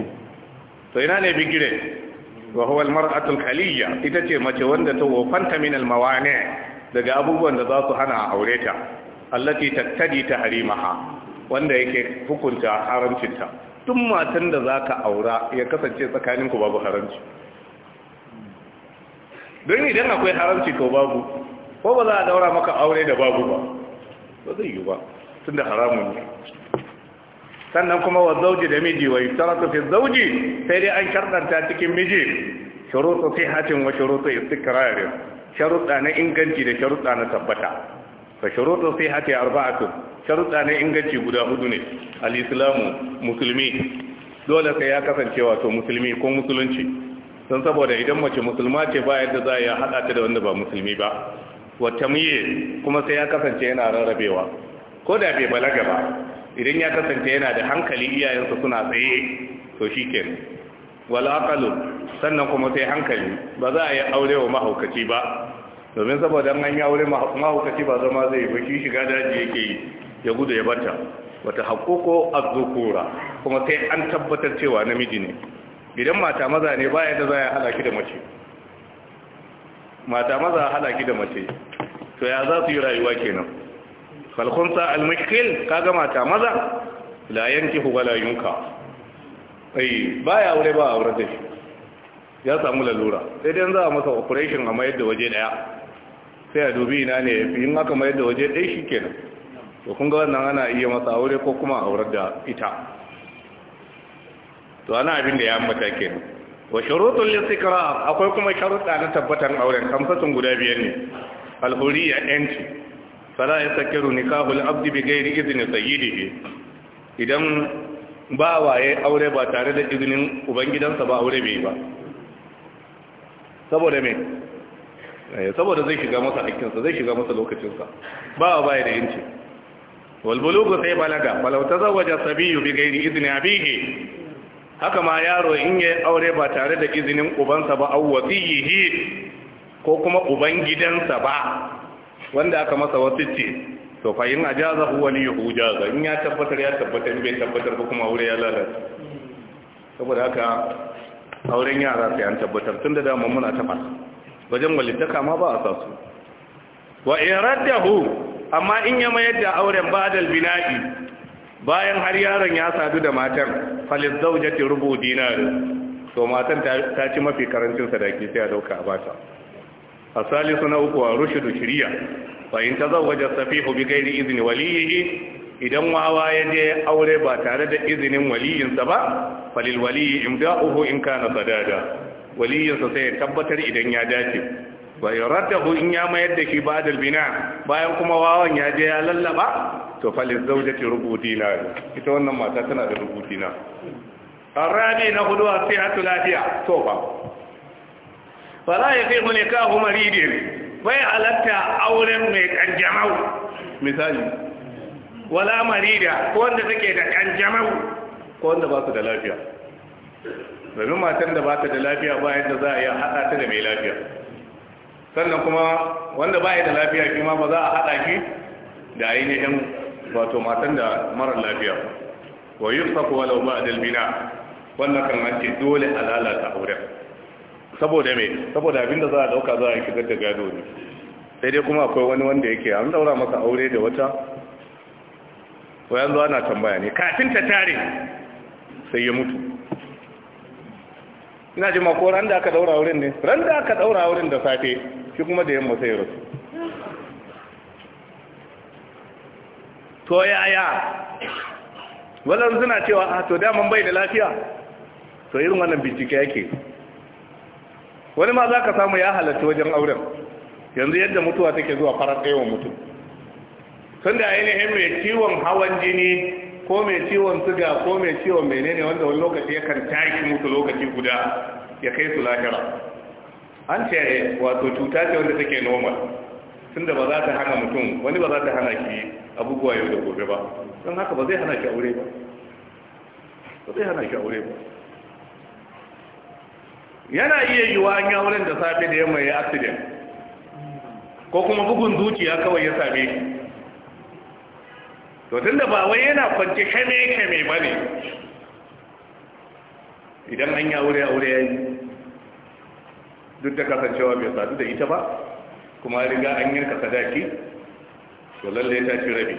to ina ne bigire wa huwa almar'atul khaliya ita ce mace wanda ta wofanta min ne. daga abubuwan da za su hana aure ta allati tattadi Harimaha. wanda yake hukunta haramcinta duk matan da zaka aura ya kasance tsakaninku babu haramci don idan akwai haramci to babu ko ba za a daura maka aure da babu ba ba zai yi ba tun da haramun ne sannan kuma wa zauji da miji wa yustaratu fi zauji sai dai an sharɗanta cikin miji sai hatin wa shuruɗu istiqrarin sharuɗa na inganci da sharuɗa na tabbata fa shuruɗu sihati arba'atu sharuɗa na inganci guda hudu ne al-islamu musulmi dole sai ya kasance wato musulmi ko musulunci don saboda idan mace musulma ce ba yadda za yi haɗa ta da wanda ba musulmi ba wata miye kuma sai ya kasance yana rarrabewa ko da bai balaga ba idan ya kasance yana da hankali iyayensa suna tsaye to shi ke walakalu sannan kuma sai hankali ba za a yi aure wa mahaukaci ba domin saboda an yi aure mahaukaci ba zama zai ba shi shiga daji yake yi ya gudu ya bata wata haƙoƙo a kuma sai an tabbatar cewa namiji ne idan mata maza ne ba yadda za ya halaki da mace mata maza halaki da mace to ya za su yi rayuwa kenan falkunsa ka kaga mata maza la yanki hubala yunka ai ya aure ba wurin da shi ya samu lalura sai dai za a masa operation a mayar da waje daya sai a dubi ina ne fi yin aka mayar da waje ɗaya kenan to kun ga wannan ana iya masa aure ko kuma wurin da ita to ana abin da ya ambata kenan wa shurutul istiqrar akwai kuma sharuɗa na tabbatar auren kamfasin guda biyar ne al-huriyya yanci fala yasakiru nikahul abdi bi ghairi izni sayyidihi idan ba waye aure ba tare da izinin ubangidansa ba aure bai ba saboda me eh, saboda zai shiga masa hakkinsa zai shiga masa lokacinsa ba wa baya da yanci wal bulugu sai balaga falau tazawwaja sabiyyu bi ghairi izni abihi haka ma yaro in ya aure ba tare da izinin ubansa ba au wasiyihi ko kuma uban gidansa ba wanda aka masa wasu ce to fa in ajaza huwa li hujaza in ya tabbatar ya tabbatar bai tabbatar ba kuma aure ya lalata saboda haka auren yara sai an tabbatar tun da muna ta fasa wajen walittaka ma ba a sa su wa in raddahu amma in ya mayar da auren badal bina'i bayan har yaron ya sadu da matar falis zaujati rubu dinar to matan ta ci mafi karancin sadaki sai a dauka a bata na uku wa rushidu shiriya fa in tazawwaja safihu bi ghairi izini waliyi idan wawa ya je aure ba tare da izinin waliyinsa ba falil waliyi imda'uhu in kana sadada waliyinsa sai ya tabbatar idan ya dace fa yaradahu in ya mayar da shi ba'dal bina bayan kuma wawan ya je ya lallaba to fa lizawjati rubu na. ita wannan mata tana da rubu dinar arabi na hudu asihatu lafiya to fa fala yaqimu nikahu maridin bai halatta auren mai kanjamau misali wala marida ko wanda take da kanjamau ko wanda ba su da lafiya domin matan da ba ta da lafiya bayan da za a yi haɗa ta da mai lafiya sannan kuma wanda ba da lafiya shi ma ba za a haɗa shi da ainihin wato matan da marar lafiya wa yi saku walau ba a dalbina wannan kan hanci dole a lalata auren saboda me saboda abinda za a dauka za a yi da gado ne sai dai kuma akwai wani wanda yake an daura masa aure da wata ko yanzu ana tambaya ne kafin ta tare sai ya mutu ina ji ko ran da aka daura wurin ne ran da aka daura wurin da safe shi kuma da yamma sai rasu to yaya wannan suna cewa a ah, to daman bai da lafiya to irin wannan bincike yake wani ma za ka samu ya halatta wajen auren yanzu yadda mutuwa take zuwa farar ɗaya mutum tun da ainihin mai ciwon hawan jini ko mai ciwon suga ko mai ciwon menene wanda wani lokaci yakan tashi mutu lokaci guda ya kai su lahira an ce eh, wato cuta ce wanda take normal tun da ba za ta hana mutum wani ba za ta hana ki abubuwa yau da gobe ba don haka ba zai hana ki aure ba ba zai hana ki aure ba yana iya yiwa an yi auren da safe da yamma ya accident ko kuma bugun zuciya kawai ya same shi to tun da ba wai yana kwanci kame-kame ba ne idan an yi aure aure ya yi duk da kasancewa bai sadu da ita ba kuma riga an ka sadaki to lalle ta ci rabi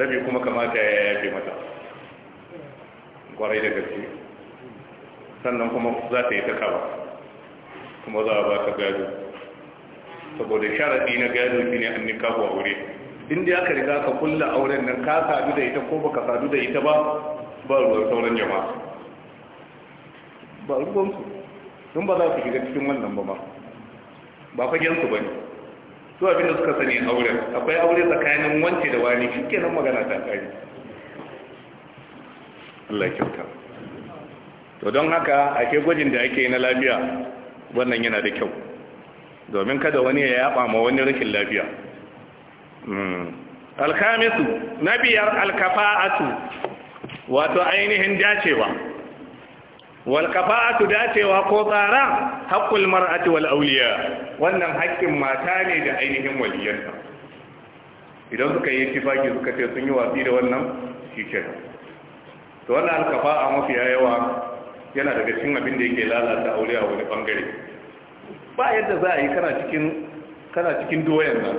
rabi kuma kamata ya yafe mata kwarai da gaske sannan kuma za ta yi ta kawa kuma za a ba ta gado saboda sharaɗi na gado shi ne an nikahu a wuri inda aka riga ka kulla auren nan ka sadu da ita ko baka sadu da ita ba ba ruwan sauran jama'a ba su sun ba za su shiga cikin wannan ba ba, ba fagensu ba ne su abin da suka sani auren akwai aure tsakanin wance da wani shi nan magana ta kari Allah kyauta to don haka ake gwajin da ake yi na lafiya wannan yana da kyau domin kada wani ya yaba ma wani rashin lafiya hmm. alkamisu na biyar alkafa'atu wato ainihin dacewa walƙafa'atu dacewa ko tsara haƙƙul mar'ati wal auliya wannan haƙƙin mata ne da ainihin waliyanta idan suka yi tifaki suka ce sun yi watsi da wannan shikenan to wannan alƙafa'a mafiya yawa yana daga cikin abin da yake lalata aure a wani bangare ba yadda za a yi kana cikin kana cikin doyan nan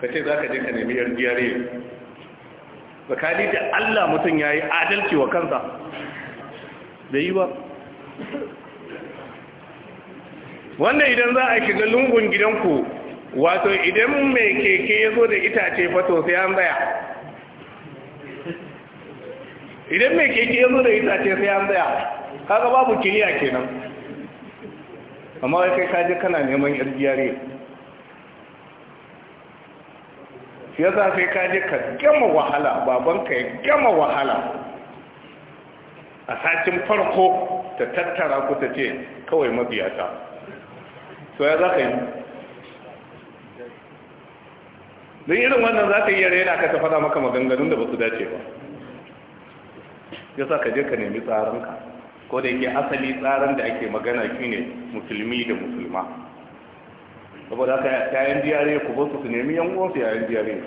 ka ce za ka je ka nemi yarjiyar yi tsakani da Allah mutum ya yi adalci wa kansa bai yi ba Wanda idan za a shiga lungun gidanku wato idan mai keke ya zo da itace fato sai an tsaya idan mai keke ya zo da itace sai an tsaya kaga babu kiliya kenan amma wai kai kaji kana neman yar jiyare ya za sai kaji ka gama wahala babanka ya gama wahala a satin farko ta tattara ku ta ce kawai mabiyata so ya za ka yi don irin wannan za ka iya yare yana kasa fada maka maganganun da ba su dace ba ya sa ka je ka nemi tsarinka ko da yake asali tsarin da ake magana shi ne musulmi da musulma saboda haka yayin diyare ku ba su su nemi yan uwansu yayin diyare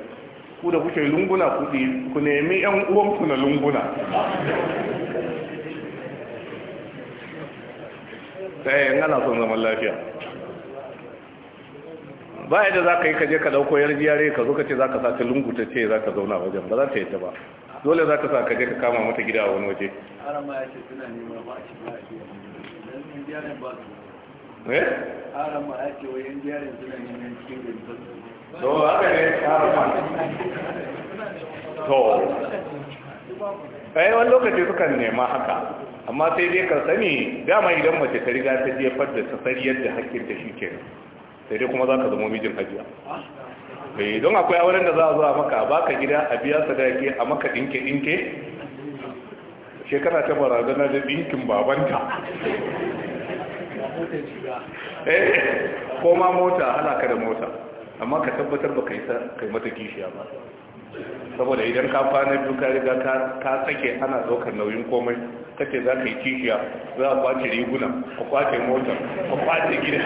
ku da kuke lunguna ku nemi yan uwansu na lunguna sai eh, nga na son zaman lafiya ba yadda za ka yi kaje ka dauko yar jiyare ka zo ka ce za ka sa ta lungu ta ce za ka zauna wajen ba za ta yadda ba dole za ka sa kaje ka kama mata gida a wani waje eh? to haka ne to kai eh, wani lokaci sukan nema haka amma sai dai ka sani dama idan mace ta riga ta jefar da ta sari yadda hakkin ta shike sai dai kuma za ka zama mijin hajiya eh don akwai wurin da za a zuwa maka a baka gida a biya sadaki a maka dinke dinke shekara ta barazana da dinkin babanta eh, ko ma mota ka da mota amma ka tabbatar ba kai mata kishiya ba saboda idan ka kwana biyu ka riga ka sake ana daukar nauyin komai kace za ka yi kishiya za a kwace riguna ka kwace motar ka kwace gida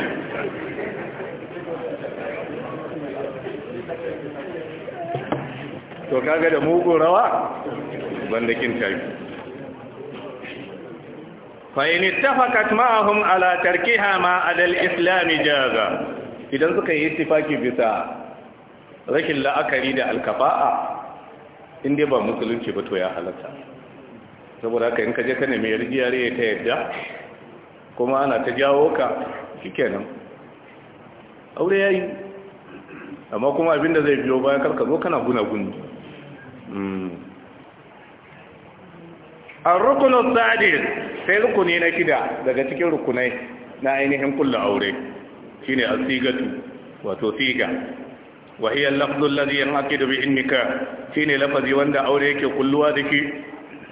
to kaga da mugun rawa banda kin tafi fa in ittafaqat ma'ahum ala tarkiha ma'a adal islam jaza idan suka yi ittifaki bisa rashin la'akari da alkafa'a inda ba musulunci ba to ya halatta saboda haka in ka je ka nemi ya ta yadda kuma ana ta jawo ka shikenan aure yayi amma kuma abinda zai biyo bayan karka zo kana guni. Hmm. an rukunan sadis sai rukuni na kida daga cikin rukunai na ainihin kulla aure shine asigatu wato siga wa hiya al-lafz alladhi yanqidu bihi an shine lafazi wanda aure yake kulluwa dake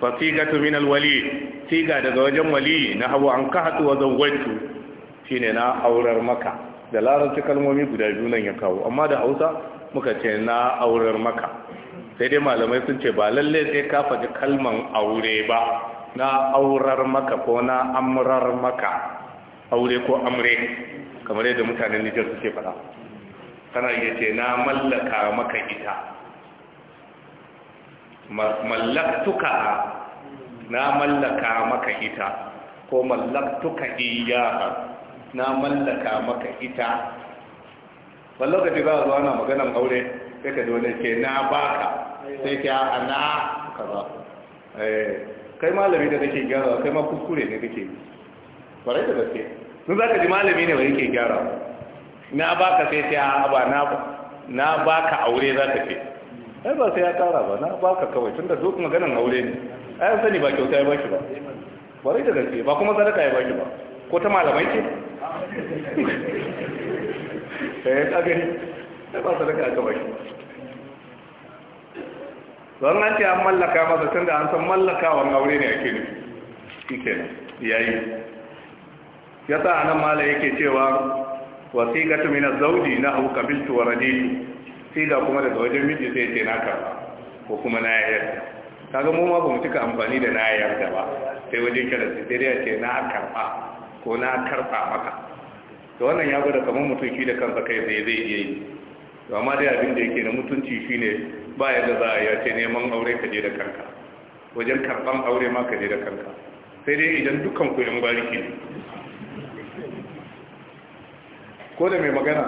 fasigatu min al-wali siga daga wajen wali na hawa an kahatu wa zawwatu shine na aurar maka da larabci kalmomi guda biyu nan ya kawo amma da Hausa muka ce na aurar maka sai dai malamai sun ce ba lalle sai ka faɗi kalman aure ba na aurar maka ko na amrar maka aure ko amre kamar yadda mutanen Nijar suke faɗa kana iya ce na mallaka maka ita mallaktuka na mallaka maka ita ko mallaktuka iyaha na mallaka maka ita wani lokaci za a zuwa na maganan aure sai ka dole ke na baka sai ka a na ba. Eh, kai malami da kake gyara kai ma kuskure ne kake yi kwarai da gaske sun za ka ji malami ne wa yake gyara na ba ka sai sai a ba na na ka aure za ta ce ai ba sai ya kara ba na ba ka kawai tun da duk maganin aure ne ai an sani ba kyauta ya baki ba bare da gaske ba kuma sadaka ya baki ba ko ta malamai ce eh ka Ai ba sadaka ya baki don an ce an mallaka masa tun da an san mallakawan aure ne ake nufi shi kenan yayi yasa anan mala yake cewa wa sigatu min az na aw qabiltu wa raditu siga kuma daga wajen miji sai ce na karba ko kuma na yarda kaga mu ma ba mu cika amfani da na yarda ba sai wajen kada sai ce na karba ko na karba maka to wannan ya gwada kamar mutum shi da kansa kai sai zai iya yi to amma dai abin da yake na mutunci shine ba yadda za a yace neman aure ka je da kanka wajen karban aure ma ka je da kanka sai dai idan dukkan ku yan bariki ne ko da mai magana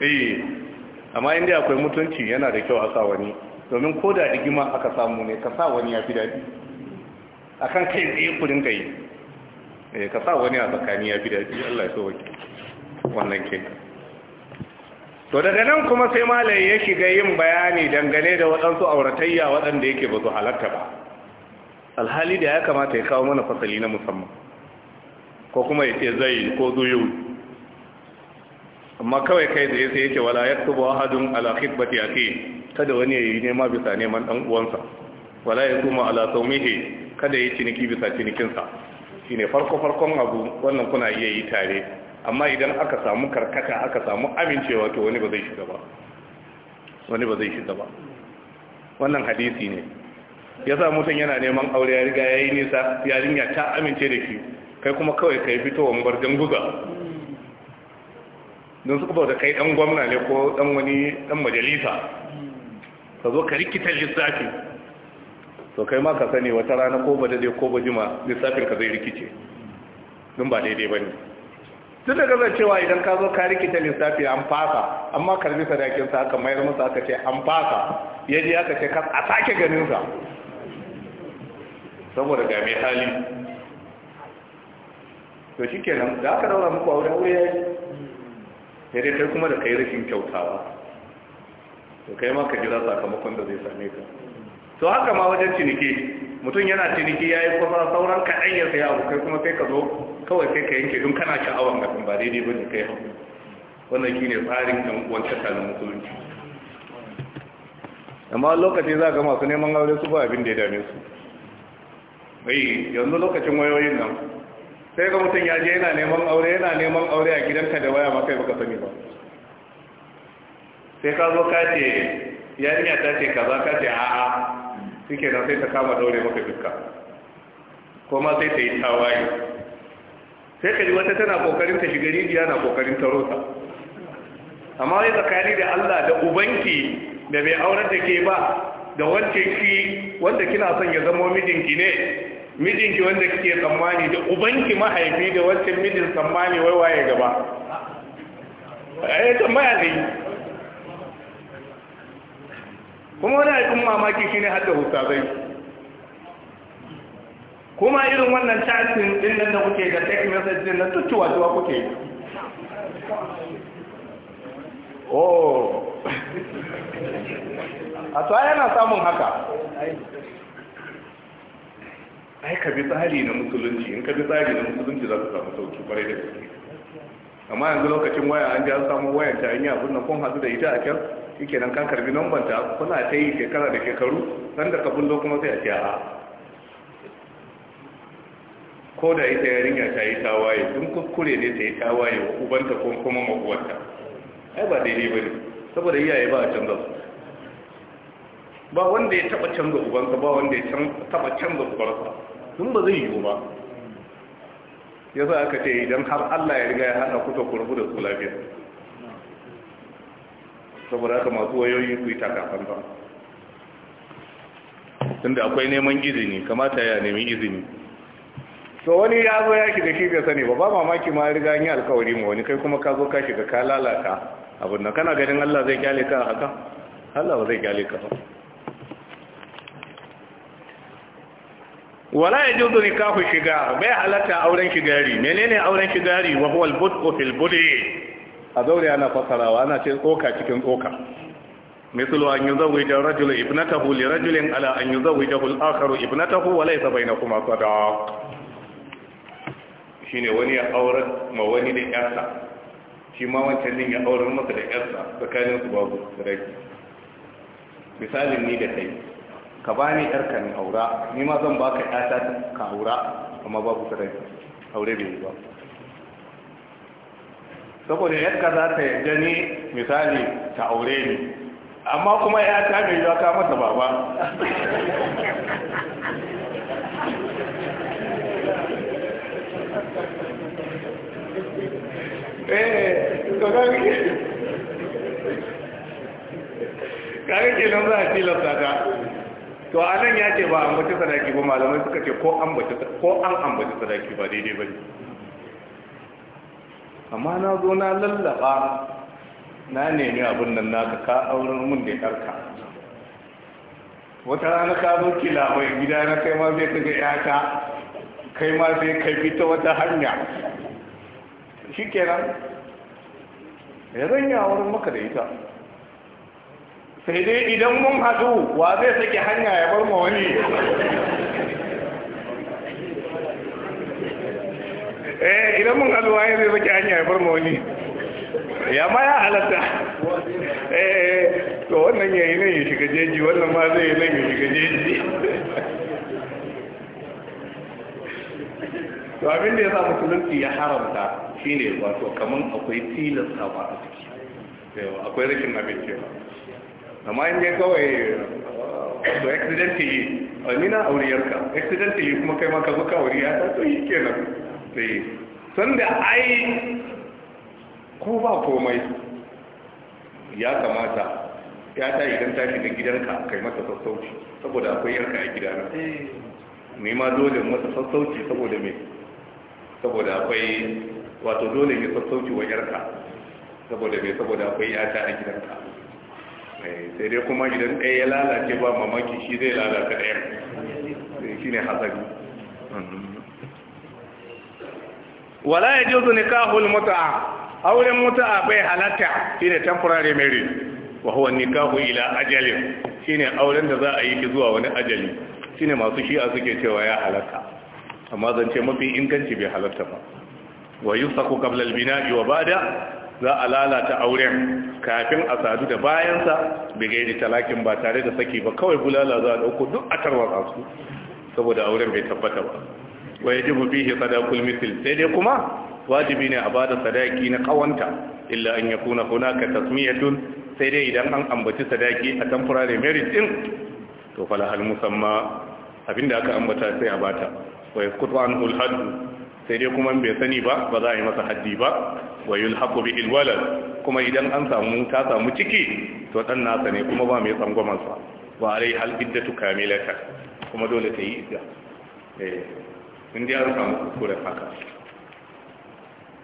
eh amma inda akwai mutunci yana da kyau a sa wani domin ko da rigima aka samu ne ka sa wani ya fi daɗi a kan kai tsaye kudin ka yi eh, ka sa wani a tsakani ya fi daɗi allah ya so wannan ke to daga nan kuma sai malaye ya shiga yin bayani dangane da waɗansu auratayya waɗanda yake ba su halatta ba alhali da ya kamata ya kawo mana fasali na musamman ko kuma ya ce zai ko zuyu amma kawai kai da sai yake wala yaktubu ahadun ala khitbati akhi kada wani yayi nema bisa neman dan uwansa wala kuma ala sawmihi kada yayi ciniki bisa cinikinsa shine farko farkon abu wannan kuna iya yi tare amma idan aka samu karkata aka samu amincewa to wani ba zai shiga ba wani ba zai shiga ba wannan hadisi ne yasa mutum yana neman aure ya riga yayi nisa yarinya ta amince da shi kai kuma kawai kai fitowar barjan guza don su kuma da kai dan gwamna ne ko dan wani dan majalisa ka zo ka rikita lissafi to kai ma ka sani wata rana ko ba daidai ko ba jima lissafin ka zai rikice don ba daidai ba ne tun da gaza cewa idan ka zo ka rikita lissafi an fasa amma karbi sadakinsa aka mayar masa aka ce an fasa ya ji aka ce a sake ganinsa saboda ga mai hali to shi kenan da aka daura muku a wurin aure ya yi ya dai kai kuma da kai rashin kyautawa to kai ma ka jira sakamakon da zai same ka to haka ma wajen ciniki mutum yana ciniki ya yi kusa sauran kaɗan ya saya abu kai kuma sai ka zo kawai sai ka yanke don kana sha'awar ga ba daidai ba ne kai hau wannan shi ne tsarin ɗan uwan tattalin musulunci amma lokaci za ga masu neman aure su ba abin da ya dame su bai yanzu lokacin wayoyin nan sai ga mutum ya je yana neman aure yana neman aure a gidanka da waya makai baka sani ba sai ka zo ka ce yarinya ta ce kaza ka ce a'a suke nan sai ta kama daure maka duka ko ma sai ta yi tawaye sai ka ji wata tana kokarin ta shiga rijiya na kokarin ta rota amma wai tsakani da Allah da ubanki da bai auren da ke ba da wancan ki wanda kina son ya zama mijinki ne mijinki wanda kike tsammani da ubanki mahaifi da wancan mijin tsammani wai waye gaba ai eh, tambaya ne kuma wani aikin mamaki shine hadda zai kuma irin wannan chatin din nan da kuke da text message din nan tuttuwa tuwa kuke oh a tsaye yana samun haka ai ka bi tsari na musulunci in ka bi tsari na musulunci za ka samu sauki kwarai da gaske amma yanzu lokacin waya an ji an samu wayan ta hanya abin nan kun hadu da ita a kyau, shike nan kan karbi namban ta kuna ta yi shekara da shekaru san da ka bullo kuma sai a ce a ko da ita yarinya ta yi tawaye tun kuskure ne ta yi tawaye wa ubanta ko kuma maguwanta ai ba daidai ba ne saboda iyaye ba a canza su ba wanda ya taba canza ubansa ba wanda ya taba canza ubansa sun ba zai yiwu ba ya za aka ce idan har Allah ya riga ya hana ku kurbu da su lafiya saboda haka masu wayoyi ku yi takafan ba tunda akwai neman izini kamata ya nemi izini to wani ya zo ya shiga shi bai sani ba ba mamaki ma riga yi alkawari ma wani kai kuma ka zo ka shiga ka lalata abin nan kana ganin Allah zai kyale ka haka Allah ba zai kyale ka ba wala ya juzu nikahu shiga bai halatta auren shigari menene auren shigari wa huwa al-bud'u fil a zaure ana fasarawa ana ce tsoka cikin tsoka مثل أن يزوج الرجل ابنته لرجل على أن يزوجه الآخر ابنته وليس بينكما صداق shine wani ya aurar ma wani da yarsa shi ma wancan din ya aurar masa da yarsa tsakanin su babu sadaki misalin ni da kai ka ba ni ɗarka ni aura ni ma zan baka yata ka aura amma babu sadaki aure bai yi ba saboda yadda za ta yarda ni misali ta aure ni amma kuma ta mai yi ka mata baba eh ke nan za a tilasta ka. to a nan ya ce ba an ambaci sadaki ba malamai suka ce ko an ambaci sadaki ba daidai ba ne amma na zo na lallaba na nemi abin nan naka ka auren mun da yarka wata rana ka zo kila mai gida na kai ma zai kaga yaka kai ma sai kai fita wata hanya shi kenan ya zanya wurin maka da ita sai dai idan mun haɗu wa zai sake hanya ya bar ma wani eh idan mun haɗu wa zai sake hanya ya bar ma wani ya ma ya halatta eh to wannan ya yi nan ya shiga jeji wannan ma zai yi nan ya shiga jeji to abin da ya sa musulunci ya haramta shine wato kaman akwai tilasta ba a ciki eh, akwai rashin abinci ba amma in dai kawai to accidentally ni na auriyarka yi kuma kai ma ka zo ka auriya ta to yi kenan sai eh, sanda ai ko ba komai ya kamata ya ta idan ta shiga gidanka kai mata sassauci saboda akwai yarka a na ne ma dole mata sassauci saboda me saboda akwai wato dole ne sassauci wa yarka saboda me saboda akwai ya ta a gidanka Eh, sai dai kuma idan ɗaya ya lalace ba mamaki shi zai lalata ɗaya eh, shi ne hasari hmm. wala ya juzu nikahul auren muta'a bai halatta ne temporary marriage wa huwa nikahu ila ajalin ne auren da za a yi zuwa wani ajali shine masu shi a suke cewa ya halatta amma zance mafi inganci bai halatta ba wa yusaku qabla al-bina'i wa ba'da za a lalata auren kafin a sadu da bayansa bai gaidi talakin ba tare da saki ba kawai bulala za a dauko duk a tarwatsa su saboda auren bai tabbata ba wa yajibu fihi sadaqul misil sai dai kuma wajibi ne a ba da sadaki na kawanta illa an yakuna hunaka tasmiyatun sai dai idan an ambaci sadaki a temporary merit din to fala hal musamma abinda aka ambata sai a bata wa yasqutu anhu sai dai kuma bai sani ba ba za a yi masa haddi ba wa yulhaqu bi ilwalad kuma idan an samu ta samu ciki to dan nasa ne kuma ba mai tsangwaman sa wa alai hal iddatu kamilata kuma dole ta yi idda eh in dai an samu kuskure haka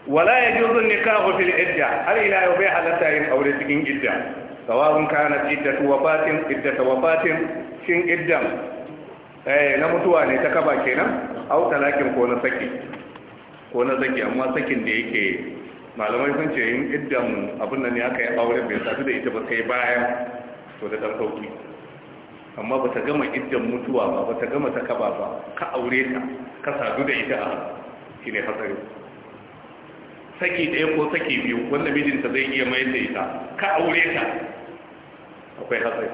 wala yajuzu nikahu fil idda har ila yau bai halatta yin aure cikin idda sawabun kana iddatu wafatin iddatu wafatin shin iddan eh na mutuwa ne ta kaba kenan au talakin ko na saki ko na saki amma sakin da yake malamai sun ce yin idan abin nan ya kai aure bai sadu da ita ba sai bayan to da dan sauki amma ba ta gama iddan mutuwa ba ba ta gama ta kaba ba ka aure ta ka sadu da ita shi ne hatsari saki ɗaya ko saki biyu wanda mijinta zai iya mayar da ita ka aure ta akwai hatsari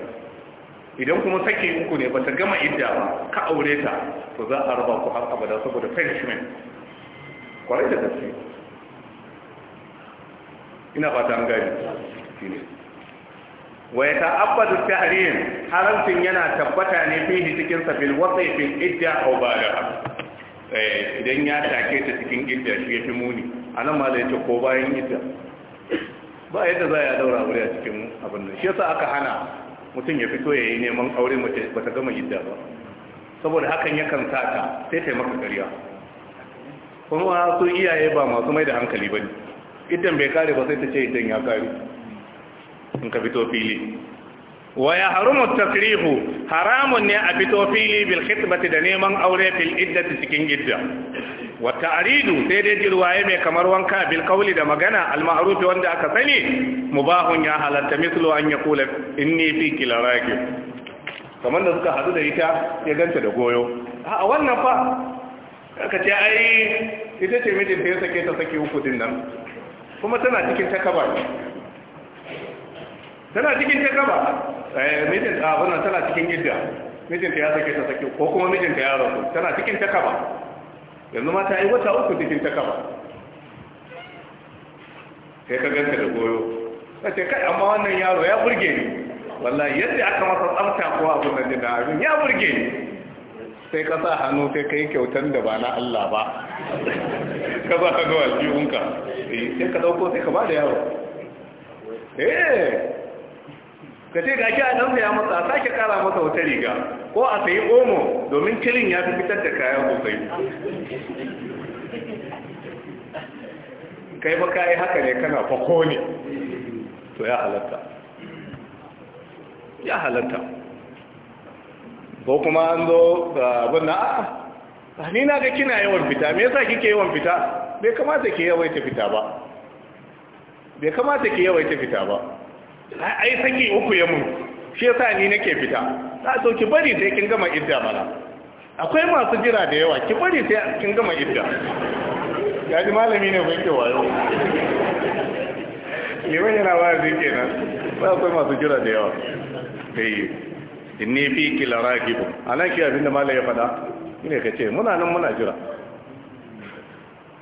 idan kuma sake uku ne ba ta gama idda ba ka aure ta to za a raba ku har abada saboda punishment kwarai da gaske ina fata an gani shine wa yata'abbadu tahrim haramcin yana tabbata ne fihi cikin sa bil wasi fil idda aw ba'daha eh idan ya take ta cikin idda shi yafi muni anan ma zai ce ko bayan idda ba yadda za ya daura aure a cikin abin nan shi yasa aka hana mutum ya fito yayi neman aure mace bata gama idda ba saboda hakan yakan sata sai ta maka ƙarya kuma su iyaye ba masu mai da hankali ba ne idan bai kare ba sai ta ce idan ya kare in ka fito fili wa ya harumu tasrihu haramun ne a fito fili bil khitbati da neman aure fil iddati cikin idda wa ta'ridu sai dai jirwaye mai kamar wanka bil qawli da magana al wanda aka sani mubahun ya halatta mislu an yaqula inni fi kilaraki kamar da suka hadu da ita ya ganta da goyo a wannan fa aka ce ai ita ce mijinta ya sake ta sake uku din nan kuma tana cikin takaba tana cikin takaba eh, mijinta abinan tana cikin mijin mijinta ya sake ta sake ko kuma mijinta ya rasu tana cikin takaba yanzu ma ta yi wata uku cikin takaba sai ka ganta da goyo ta ce kai amma wannan yaro ya burge ni wallahi yadda aka masa tsamta ko abin nan da abin ya burge ni sai ka sa hannu sai ka yi kyautar da ba na Allah ba ka sa hannu a jihunka eh, sai ka dauko sai ka ba da yawo eee eh, ka ce ga shi a ɗan ya masa a sake kara masa wata riga ko a sayi omo domin kilin ya fi fitar da kayan sosai kai ba kayi haka ne kana fako ne to ya halatta ya halatta ko kuma an zo abin na a'a ni na ga kina yawan fita me yasa kike yawan fita bai kamata ke ta fita ba bai kamata ke ta fita ba ai sanki uku ya mun shi yasa ni nake fita ta so ki bari sai kin gama idda mana akwai masu jira da yawa ki bari sai kin gama idda ji malami ne ban kewa yau liman yana wa zai kenan ba akwai masu jira da yawa eh. inni fi kila ragibu ana ki abinda malai ya fada ne ka ce muna nan muna jira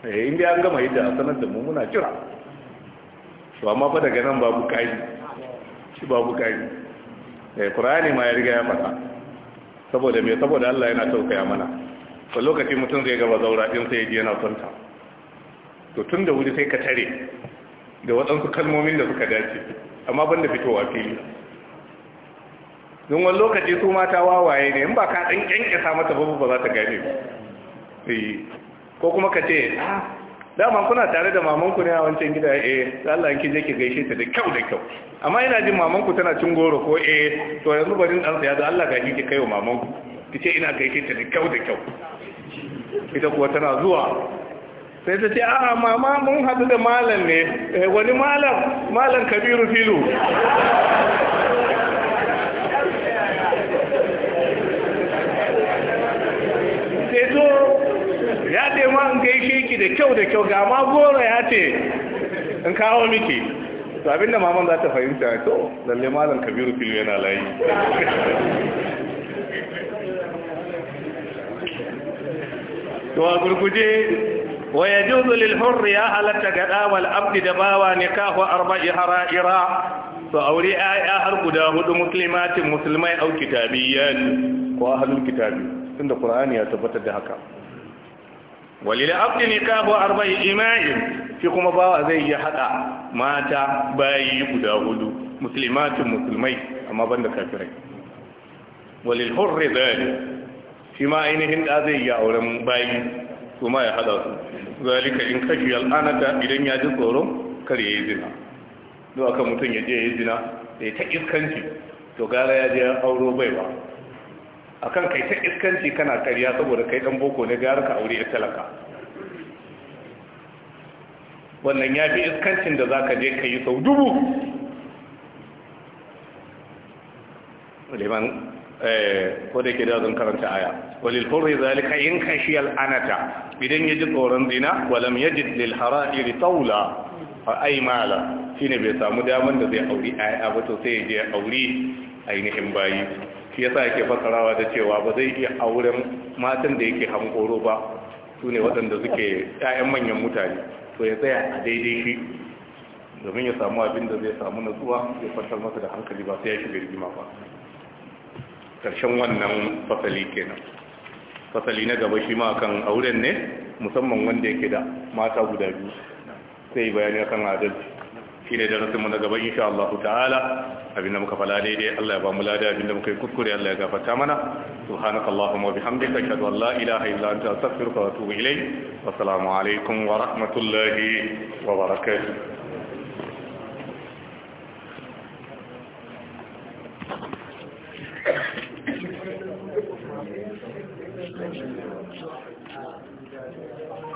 eh inda an gama yadda a sanar da mu muna jira to amma fa daga nan babu kai shi babu kai eh qur'ani ma ya riga ya fada saboda me saboda Allah yana taukaya mana to lokaci mutum zai gaba zaura din sai ya ji yana kwanta to tun da wuri sai ka tare da waɗansu kalmomin da suka dace amma banda fitowa fili don wani lokaci su mata wawaye ne in ba ka ɗan sa mata babu ba za ta gane eh, ko kuma ka ce ah, dama kuna tare da mamanku ne a wancan gida eh Allah ki je ki gaishe ta da kyau da kyau amma ina jin mamanku tana cin goro ko eh to yanzu barin dan ya da Allah ga jike kai wa mamanku ki ce ina gaishe ta da kyau da kyau ita kuwa tana zuwa sai ta ce a'a ah, mama mun hadu da malam ne eh, wani malam malam kabiru filu zo ya ma in gaishe ki da kyau da kyau gama goro ya ce in kawo miki to abinda maman za ta fahimta to lalle malam kabiru filo yana layi to a gurguje waya juzulil hurri ya halatta ga ɗawal abdi da bawa ne kahu arba'i hara'ira to aure ya har guda hudu musulmatin musulmai au kitabiyyan ko ahalul kitabiyyan tunda qur'ani ya tabbatar da haka walil abdi nikahu arba'i ima'in shi kuma bawa zai yi haɗa mata bayi guda hudu muslimatin muslimai amma banda kafirai walil hurri zali fi ma ainihin da zai yi auren bayi kuma ya hada su zalika in kashi al'anata idan ya ji tsoro kar ya yi zina duk aka mutum ya je ya yi zina da ya ta iskanci to gara ya je auro baiwa akan kai ta iskanci kana karya saboda kai dan boko ne ga ka aure ya talaka wannan ya fi iskancin da za ka je ka yi sau dubu liman eh, ko da ke karanta aya walil hurri zalika in kashi al'anata? idan yaji tsoron zina walam iri lil hara'ir tawla fa Shi shine bai samu daman da zai auri aya ba to sai ya je auri ainihin bayi shi yasa yake fasarawa da cewa ba zai iya auren matan da yake hankoro ba su ne waɗanda suke 'ya'yan manyan mutane to ya tsaya a daidai shi domin ya samu abin da zai samu natsuwa ya kwantar masa da hankali ba sai ya shiga rigima ba ƙarshen wannan fasali kenan fasali na gaba shi ma kan auren ne musamman wanda yake da mata guda biyu sai bayani kan adalci shine da mu na gaba insha Allah ta'ala abinda muka fala daidai Allah ya ba mu lada abinda muka yi kuskure Allah ya gafarta mana subhanakallahumma wa bihamdika ashhadu an la ilaha illa anta astaghfiruka wa atubu ilayk wa assalamu alaykum wa rahmatullahi wa barakatuh Thank you.